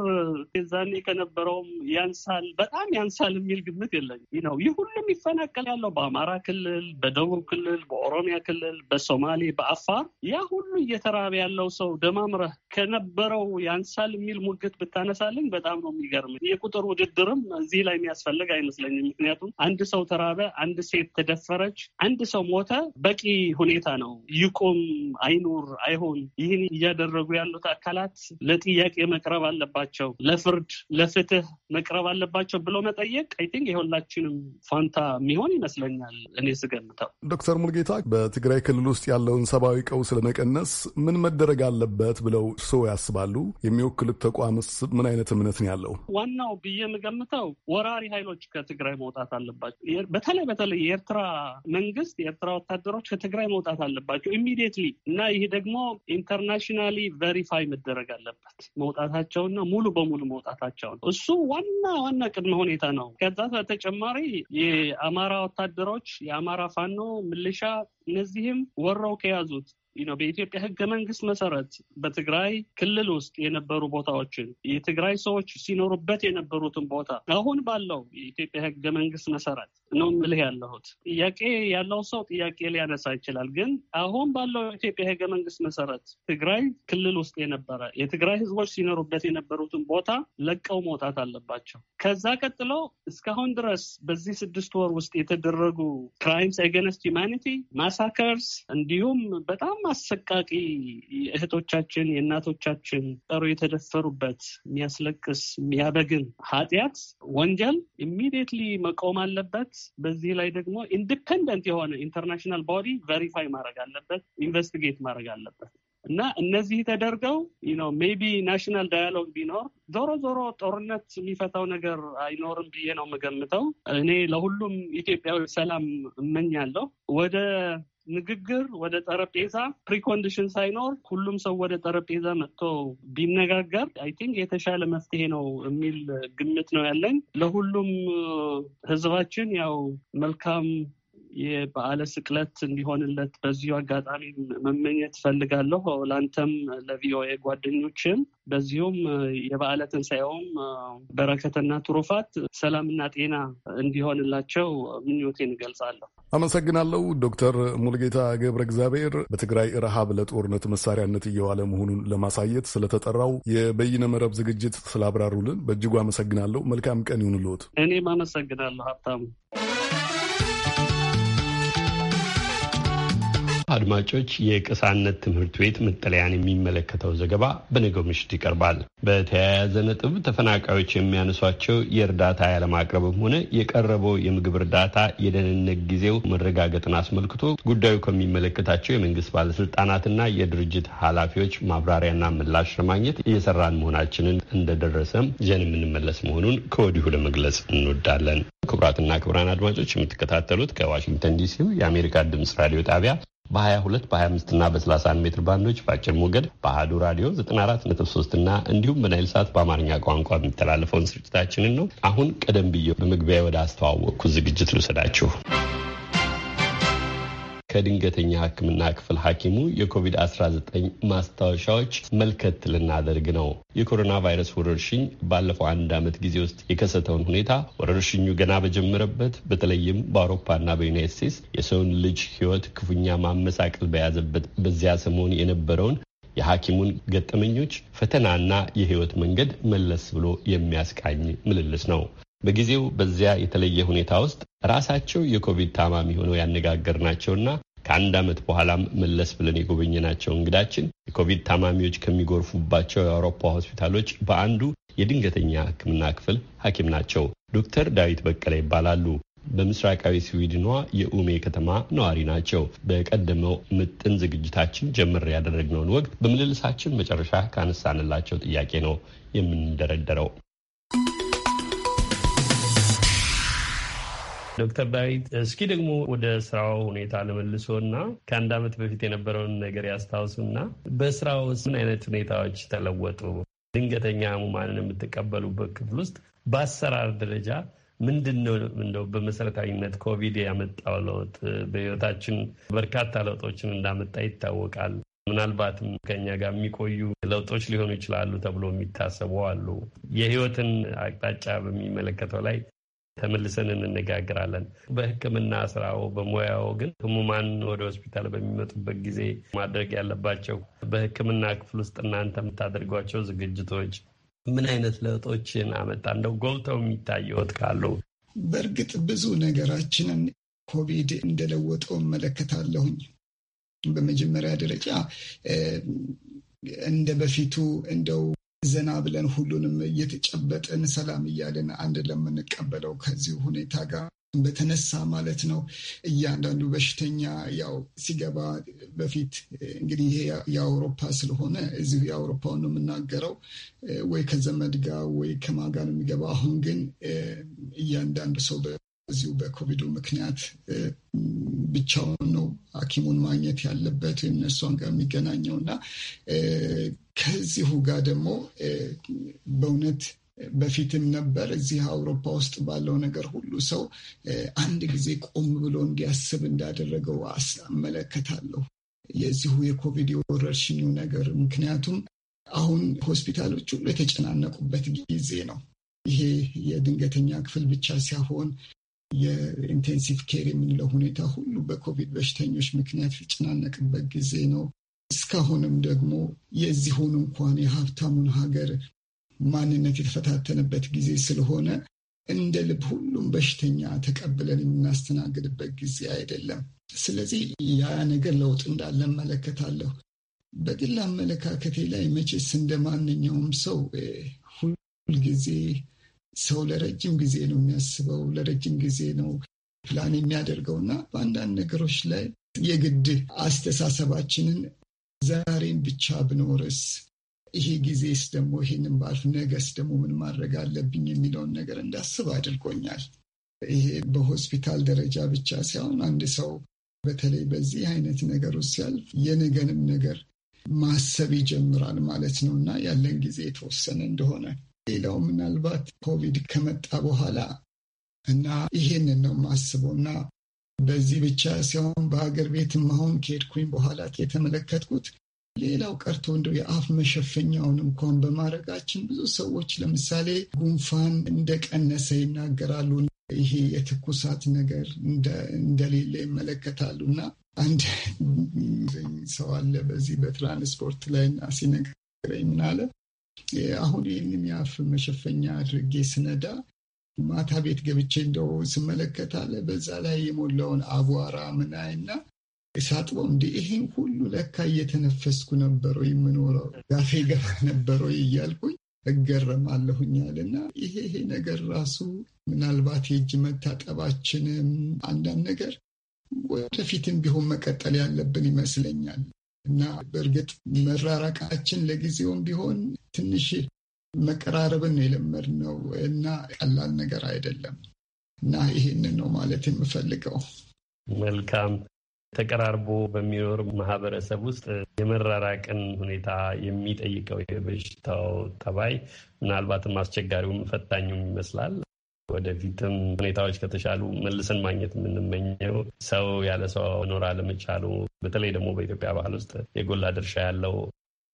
የዛኔ ከነበረውም ያንሳል፣ በጣም ያንሳል የሚል ግምት የለኝ ነው። ይህ ሁሉም ይፈናቀል ያለው በአማራ ክልል፣ በደቡብ ክልል፣ በኦሮሚያ ክልል፣ በሶማሌ፣ በአፋር ያ ሁሉ እየተራበ ያለው ሰው ደማምረህ ከነበረው ያንሳል የሚል ሙግት ብታነሳ ስላልኝ በጣም ነው የሚገርም። የቁጥር ውድድርም እዚህ ላይ የሚያስፈልግ አይመስለኝም። ምክንያቱም አንድ ሰው ተራበ፣ አንድ ሴት ተደፈረች፣ አንድ ሰው ሞተ በቂ ሁኔታ ነው። ይቁም አይኑር አይሆን ይህን እያደረጉ ያሉት አካላት ለጥያቄ መቅረብ አለባቸው፣ ለፍርድ ለፍትህ መቅረብ አለባቸው ብሎ መጠየቅ አይ ቲንክ የሁላችንም ፋንታ የሚሆን ይመስለኛል። እኔ ስገምተው ዶክተር ሙልጌታ በትግራይ ክልል ውስጥ ያለውን ሰብአዊ ቀውስ ለመቀነስ ምን መደረግ አለበት ብለው እርስዎ ያስባሉ? የሚወክሉት ተቋምስ ምን አይነት አይነት እምነት ነው ያለው? ዋናው ብዬ የምገምተው ወራሪ ኃይሎች ከትግራይ መውጣት አለባቸው። በተለይ በተለይ የኤርትራ መንግስት፣ የኤርትራ ወታደሮች ከትግራይ መውጣት አለባቸው ኢሚዲየትሊ እና ይሄ ደግሞ ኢንተርናሽናሊ ቨሪፋይ መደረግ አለበት መውጣታቸውና ሙሉ በሙሉ መውጣታቸው ነው። እሱ ዋና ዋና ቅድመ ሁኔታ ነው። ከዛ በተጨማሪ የአማራ ወታደሮች፣ የአማራ ፋኖ፣ ምልሻ እነዚህም ወረው ከያዙት በኢትዮጵያ ህገ መንግስት መሰረት በትግራይ ክልል ውስጥ የነበሩ ቦታዎችን የትግራይ ሰዎች ሲኖሩበት የነበሩትን ቦታ አሁን ባለው የኢትዮጵያ ህገ መንግስት መሰረት ነው ምልህ ያለሁት። ጥያቄ ያለው ሰው ጥያቄ ሊያነሳ ይችላል። ግን አሁን ባለው የኢትዮጵያ ህገ መንግስት መሰረት ትግራይ ክልል ውስጥ የነበረ የትግራይ ህዝቦች ሲኖሩበት የነበሩትን ቦታ ለቀው መውጣት አለባቸው። ከዛ ቀጥሎ እስካሁን ድረስ በዚህ ስድስት ወር ውስጥ የተደረጉ ክራይምስ አገነስት ሂውማኒቲ ማሳከርስ፣ እንዲሁም በጣም አሰቃቂ የእህቶቻችን የእናቶቻችን ጠሩ የተደፈሩበት የሚያስለቅስ የሚያበግን ኃጢአት ወንጀል ኢሚዲየትሊ መቆም አለበት። በዚህ ላይ ደግሞ ኢንዲፐንደንት የሆነ ኢንተርናሽናል ቦዲ ቨሪፋይ ማድረግ አለበት፣ ኢንቨስቲጌት ማድረግ አለበት። እና እነዚህ ተደርገው ነው ሜቢ ናሽናል ዳያሎግ ቢኖር ዞሮ ዞሮ ጦርነት የሚፈታው ነገር አይኖርም ብዬ ነው የምገምተው። እኔ ለሁሉም ኢትዮጵያዊ ሰላም እመኛለሁ። ወደ ንግግር ወደ ጠረጴዛ ፕሪኮንዲሽን ሳይኖር ሁሉም ሰው ወደ ጠረጴዛ መጥቶ ቢነጋገር አይ ቲንክ የተሻለ መፍትሄ ነው የሚል ግምት ነው ያለኝ። ለሁሉም ህዝባችን ያው መልካም የበዓለ ስቅለት እንዲሆንለት በዚሁ አጋጣሚ መመኘት ፈልጋለሁ ለአንተም ለቪኦኤ ጓደኞችም በዚሁም የበዓለ ትንሣኤውም በረከትና ትሩፋት ሰላምና ጤና እንዲሆንላቸው ምኞቴን እገልጻለሁ። አመሰግናለሁ ዶክተር ሙልጌታ ገብረ እግዚአብሔር በትግራይ ረሃብ ለጦርነት መሳሪያነት እየዋለ መሆኑን ለማሳየት ስለተጠራው የበይነ መረብ ዝግጅት ስላብራሩልን በእጅጉ አመሰግናለሁ። መልካም ቀን ይሁንልዎት። እኔም አመሰግናለሁ ሀብታሙ። አድማጮች፣ የቅሳነት ትምህርት ቤት መጠለያን የሚመለከተው ዘገባ በነገው ምሽት ይቀርባል። በተያያዘ ነጥብ ተፈናቃዮች የሚያነሷቸው የእርዳታ ያለማቅረብም ሆነ የቀረበው የምግብ እርዳታ የደህንነት ጊዜው መረጋገጥን አስመልክቶ ጉዳዩ ከሚመለከታቸው የመንግስት ባለስልጣናትና የድርጅት ኃላፊዎች ማብራሪያና ምላሽ ለማግኘት እየሰራን መሆናችንን እንደደረሰም ይዘን የምንመለስ መሆኑን ከወዲሁ ለመግለጽ እንወዳለን። ክቡራትና ክቡራን አድማጮች የምትከታተሉት ከዋሽንግተን ዲሲው የአሜሪካ ድምጽ ራዲዮ ጣቢያ በ22 በ25 እና በ31 ሜትር ባንዶች በአጭር ሞገድ በአህዱ ራዲዮ 943 እና እንዲሁም በናይል ሰዓት በአማርኛ ቋንቋ የሚተላለፈውን ስርጭታችንን ነው። አሁን ቀደም ብዬ በመግቢያ ወደ አስተዋወቅኩ ዝግጅት ልውሰዳችሁ። ከድንገተኛ ሕክምና ክፍል ሐኪሙ የኮቪድ-19 ማስታወሻዎች መልከት ልናደርግ ነው። የኮሮና ቫይረስ ወረርሽኝ ባለፈው አንድ ዓመት ጊዜ ውስጥ የከሰተውን ሁኔታ ወረርሽኙ ገና በጀመረበት በተለይም በአውሮፓና በዩናይት ስቴትስ የሰውን ልጅ ሕይወት ክፉኛ ማመሳቀል በያዘበት በዚያ ሰሞን የነበረውን የሐኪሙን ገጠመኞች ፈተናና የህይወት መንገድ መለስ ብሎ የሚያስቃኝ ምልልስ ነው። በጊዜው በዚያ የተለየ ሁኔታ ውስጥ ራሳቸው የኮቪድ ታማሚ ሆነው ያነጋገርናቸውና ከአንድ ዓመት በኋላም መለስ ብለን የጎበኘናቸው እንግዳችን የኮቪድ ታማሚዎች ከሚጎርፉባቸው የአውሮፓ ሆስፒታሎች በአንዱ የድንገተኛ ሕክምና ክፍል ሐኪም ናቸው። ዶክተር ዳዊት በቀለ ይባላሉ። በምስራቃዊ ስዊድኗ የኡሜ ከተማ ነዋሪ ናቸው። በቀደመው ምጥን ዝግጅታችን ጀምር ያደረግነውን ወቅት በምልልሳችን መጨረሻ ካነሳንላቸው ጥያቄ ነው የምንደረደረው። ዶክተር ዳዊት እስኪ ደግሞ ወደ ስራው ሁኔታ እና ከአንድ አመት በፊት የነበረውን ነገር ያስታውሱና በስራው ውስጥ ምን አይነት ሁኔታዎች ተለወጡ? ድንገተኛ ህሙማንን የምትቀበሉበት ክፍል ውስጥ በአሰራር ደረጃ ምንድን ነው እንደው በመሰረታዊነት ኮቪድ ያመጣው ለውጥ? በህይወታችን በርካታ ለውጦችን እንዳመጣ ይታወቃል። ምናልባትም ከኛ ጋር የሚቆዩ ለውጦች ሊሆኑ ይችላሉ ተብሎ የሚታሰቡ አሉ። የህይወትን አቅጣጫ በሚመለከተው ላይ ተመልሰን እንነጋግራለን። በሕክምና ስራው በሙያው ግን ህሙማን ወደ ሆስፒታል በሚመጡበት ጊዜ ማድረግ ያለባቸው በሕክምና ክፍል ውስጥ እናንተ የምታደርጓቸው ዝግጅቶች ምን አይነት ለውጦችን አመጣ? እንደው ጎልተው የሚታየዎት ካሉ። በእርግጥ ብዙ ነገራችንን ኮቪድ እንደለወጠው እመለከታለሁኝ። በመጀመሪያ ደረጃ እንደ በፊቱ እንደው ዘና ብለን ሁሉንም እየተጨበጠን ሰላም እያለን አንድ ለምንቀበለው ከዚህ ሁኔታ ጋር በተነሳ ማለት ነው። እያንዳንዱ በሽተኛ ያው ሲገባ በፊት እንግዲህ ይሄ የአውሮፓ ስለሆነ እዚሁ የአውሮፓውን ነው የምናገረው፣ ወይ ከዘመድ ጋር ወይ ከማን ጋር ነው የሚገባ። አሁን ግን እያንዳንዱ ሰው በዚሁ በኮቪዱ ምክንያት ብቻውን ነው ሐኪሙን ማግኘት ያለበት ወይም እነሷን ጋር የሚገናኘው እና ከዚሁ ጋር ደግሞ በእውነት በፊትም ነበር እዚህ አውሮፓ ውስጥ ባለው ነገር ሁሉ ሰው አንድ ጊዜ ቆም ብሎ እንዲያስብ እንዳደረገው አመለከታለሁ። የዚሁ የኮቪድ የወረርሽኙ ነገር ምክንያቱም አሁን ሆስፒታሎች ሁሉ የተጨናነቁበት ጊዜ ነው። ይሄ የድንገተኛ ክፍል ብቻ ሳይሆን የኢንቴንሲቭ ኬር የምንለው ሁኔታ ሁሉ በኮቪድ በሽተኞች ምክንያት የተጨናነቅበት ጊዜ ነው። እስካሁንም ደግሞ የዚህ እንኳን የሀብታሙን ሀገር ማንነት የተፈታተነበት ጊዜ ስለሆነ እንደ ልብ ሁሉም በሽተኛ ተቀብለን የምናስተናግድበት ጊዜ አይደለም። ስለዚህ ያ ነገር ለውጥ እንዳለ እመለከታለሁ። በግል አመለካከቴ ላይ መቼስ እንደ ማንኛውም ሰው ሁልጊዜ ሰው ለረጅም ጊዜ ነው የሚያስበው፣ ለረጅም ጊዜ ነው ፕላን የሚያደርገው እና በአንዳንድ ነገሮች ላይ የግድ አስተሳሰባችንን ዛሬን ብቻ ብኖርስ ይሄ ጊዜስ ደግሞ ይሄንን ባልፍ ነገስ ደግሞ ምን ማድረግ አለብኝ የሚለውን ነገር እንዳስብ አድርጎኛል። ይሄ በሆስፒታል ደረጃ ብቻ ሳይሆን አንድ ሰው በተለይ በዚህ አይነት ነገር ውስጥ ሲያልፍ የነገንም ነገር ማሰብ ይጀምራል ማለት ነው እና ያለን ጊዜ የተወሰነ እንደሆነ ሌላው ምናልባት ኮቪድ ከመጣ በኋላ እና ይሄንን ነው ማስበው እና በዚህ ብቻ ሲሆን በሀገር ቤትም አሁን ከሄድኩኝ በኋላ የተመለከትኩት ሌላው ቀርቶ እንደው የአፍ መሸፈኛውን እንኳን በማድረጋችን ብዙ ሰዎች ለምሳሌ ጉንፋን እንደቀነሰ ይናገራሉ። ይሄ የትኩሳት ነገር እንደሌለ ይመለከታሉ። እና አንድ ሰው አለ በዚህ በትራንስፖርት ላይ እና ሲነግረኝ ምን አለ አሁን ይህንን የአፍ መሸፈኛ አድርጌ ስነዳ ማታ ቤት ገብቼ እንደው ስመለከታለ በዛ ላይ የሞላውን አቧራ ምናይና ሳጥቦ እንደ ይሄን ሁሉ ለካ እየተነፈስኩ ነበረ የምኖረው ጋፌ ጋር ነበረ እያልኩኝ እገረማለሁኛልና ይሄ ይሄ ነገር ራሱ ምናልባት የእጅ መታጠባችንም አንዳንድ ነገር ወደፊትም ቢሆን መቀጠል ያለብን ይመስለኛል እና በእርግጥ መራራቃችን ለጊዜውም ቢሆን ትንሽ መቀራረብን የለመድ ነው እና ቀላል ነገር አይደለም እና ይህን ነው ማለት የምፈልገው። መልካም ተቀራርቦ በሚኖር ማህበረሰብ ውስጥ የመራራቅን ሁኔታ የሚጠይቀው የበሽታው ጠባይ ምናልባትም አስቸጋሪውም ፈታኙም ይመስላል። ወደፊትም ሁኔታዎች ከተሻሉ መልሰን ማግኘት የምንመኘው ሰው ያለ ሰው መኖር አለመቻሉ፣ በተለይ ደግሞ በኢትዮጵያ ባህል ውስጥ የጎላ ድርሻ ያለው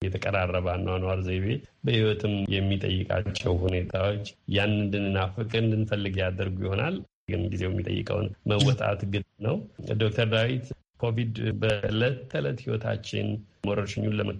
የተቀራረበ አኗኗር ዘይቤ በህይወትም የሚጠይቃቸው ሁኔታዎች ያን እንድንናፍቅ እንድንፈልግ ያደርጉ ይሆናል። ግን ጊዜው የሚጠይቀውን መወጣት ግድ ነው። ዶክተር ዳዊት ኮቪድ በዕለት ተዕለት ህይወታችን ወረርሽኙን ለመካ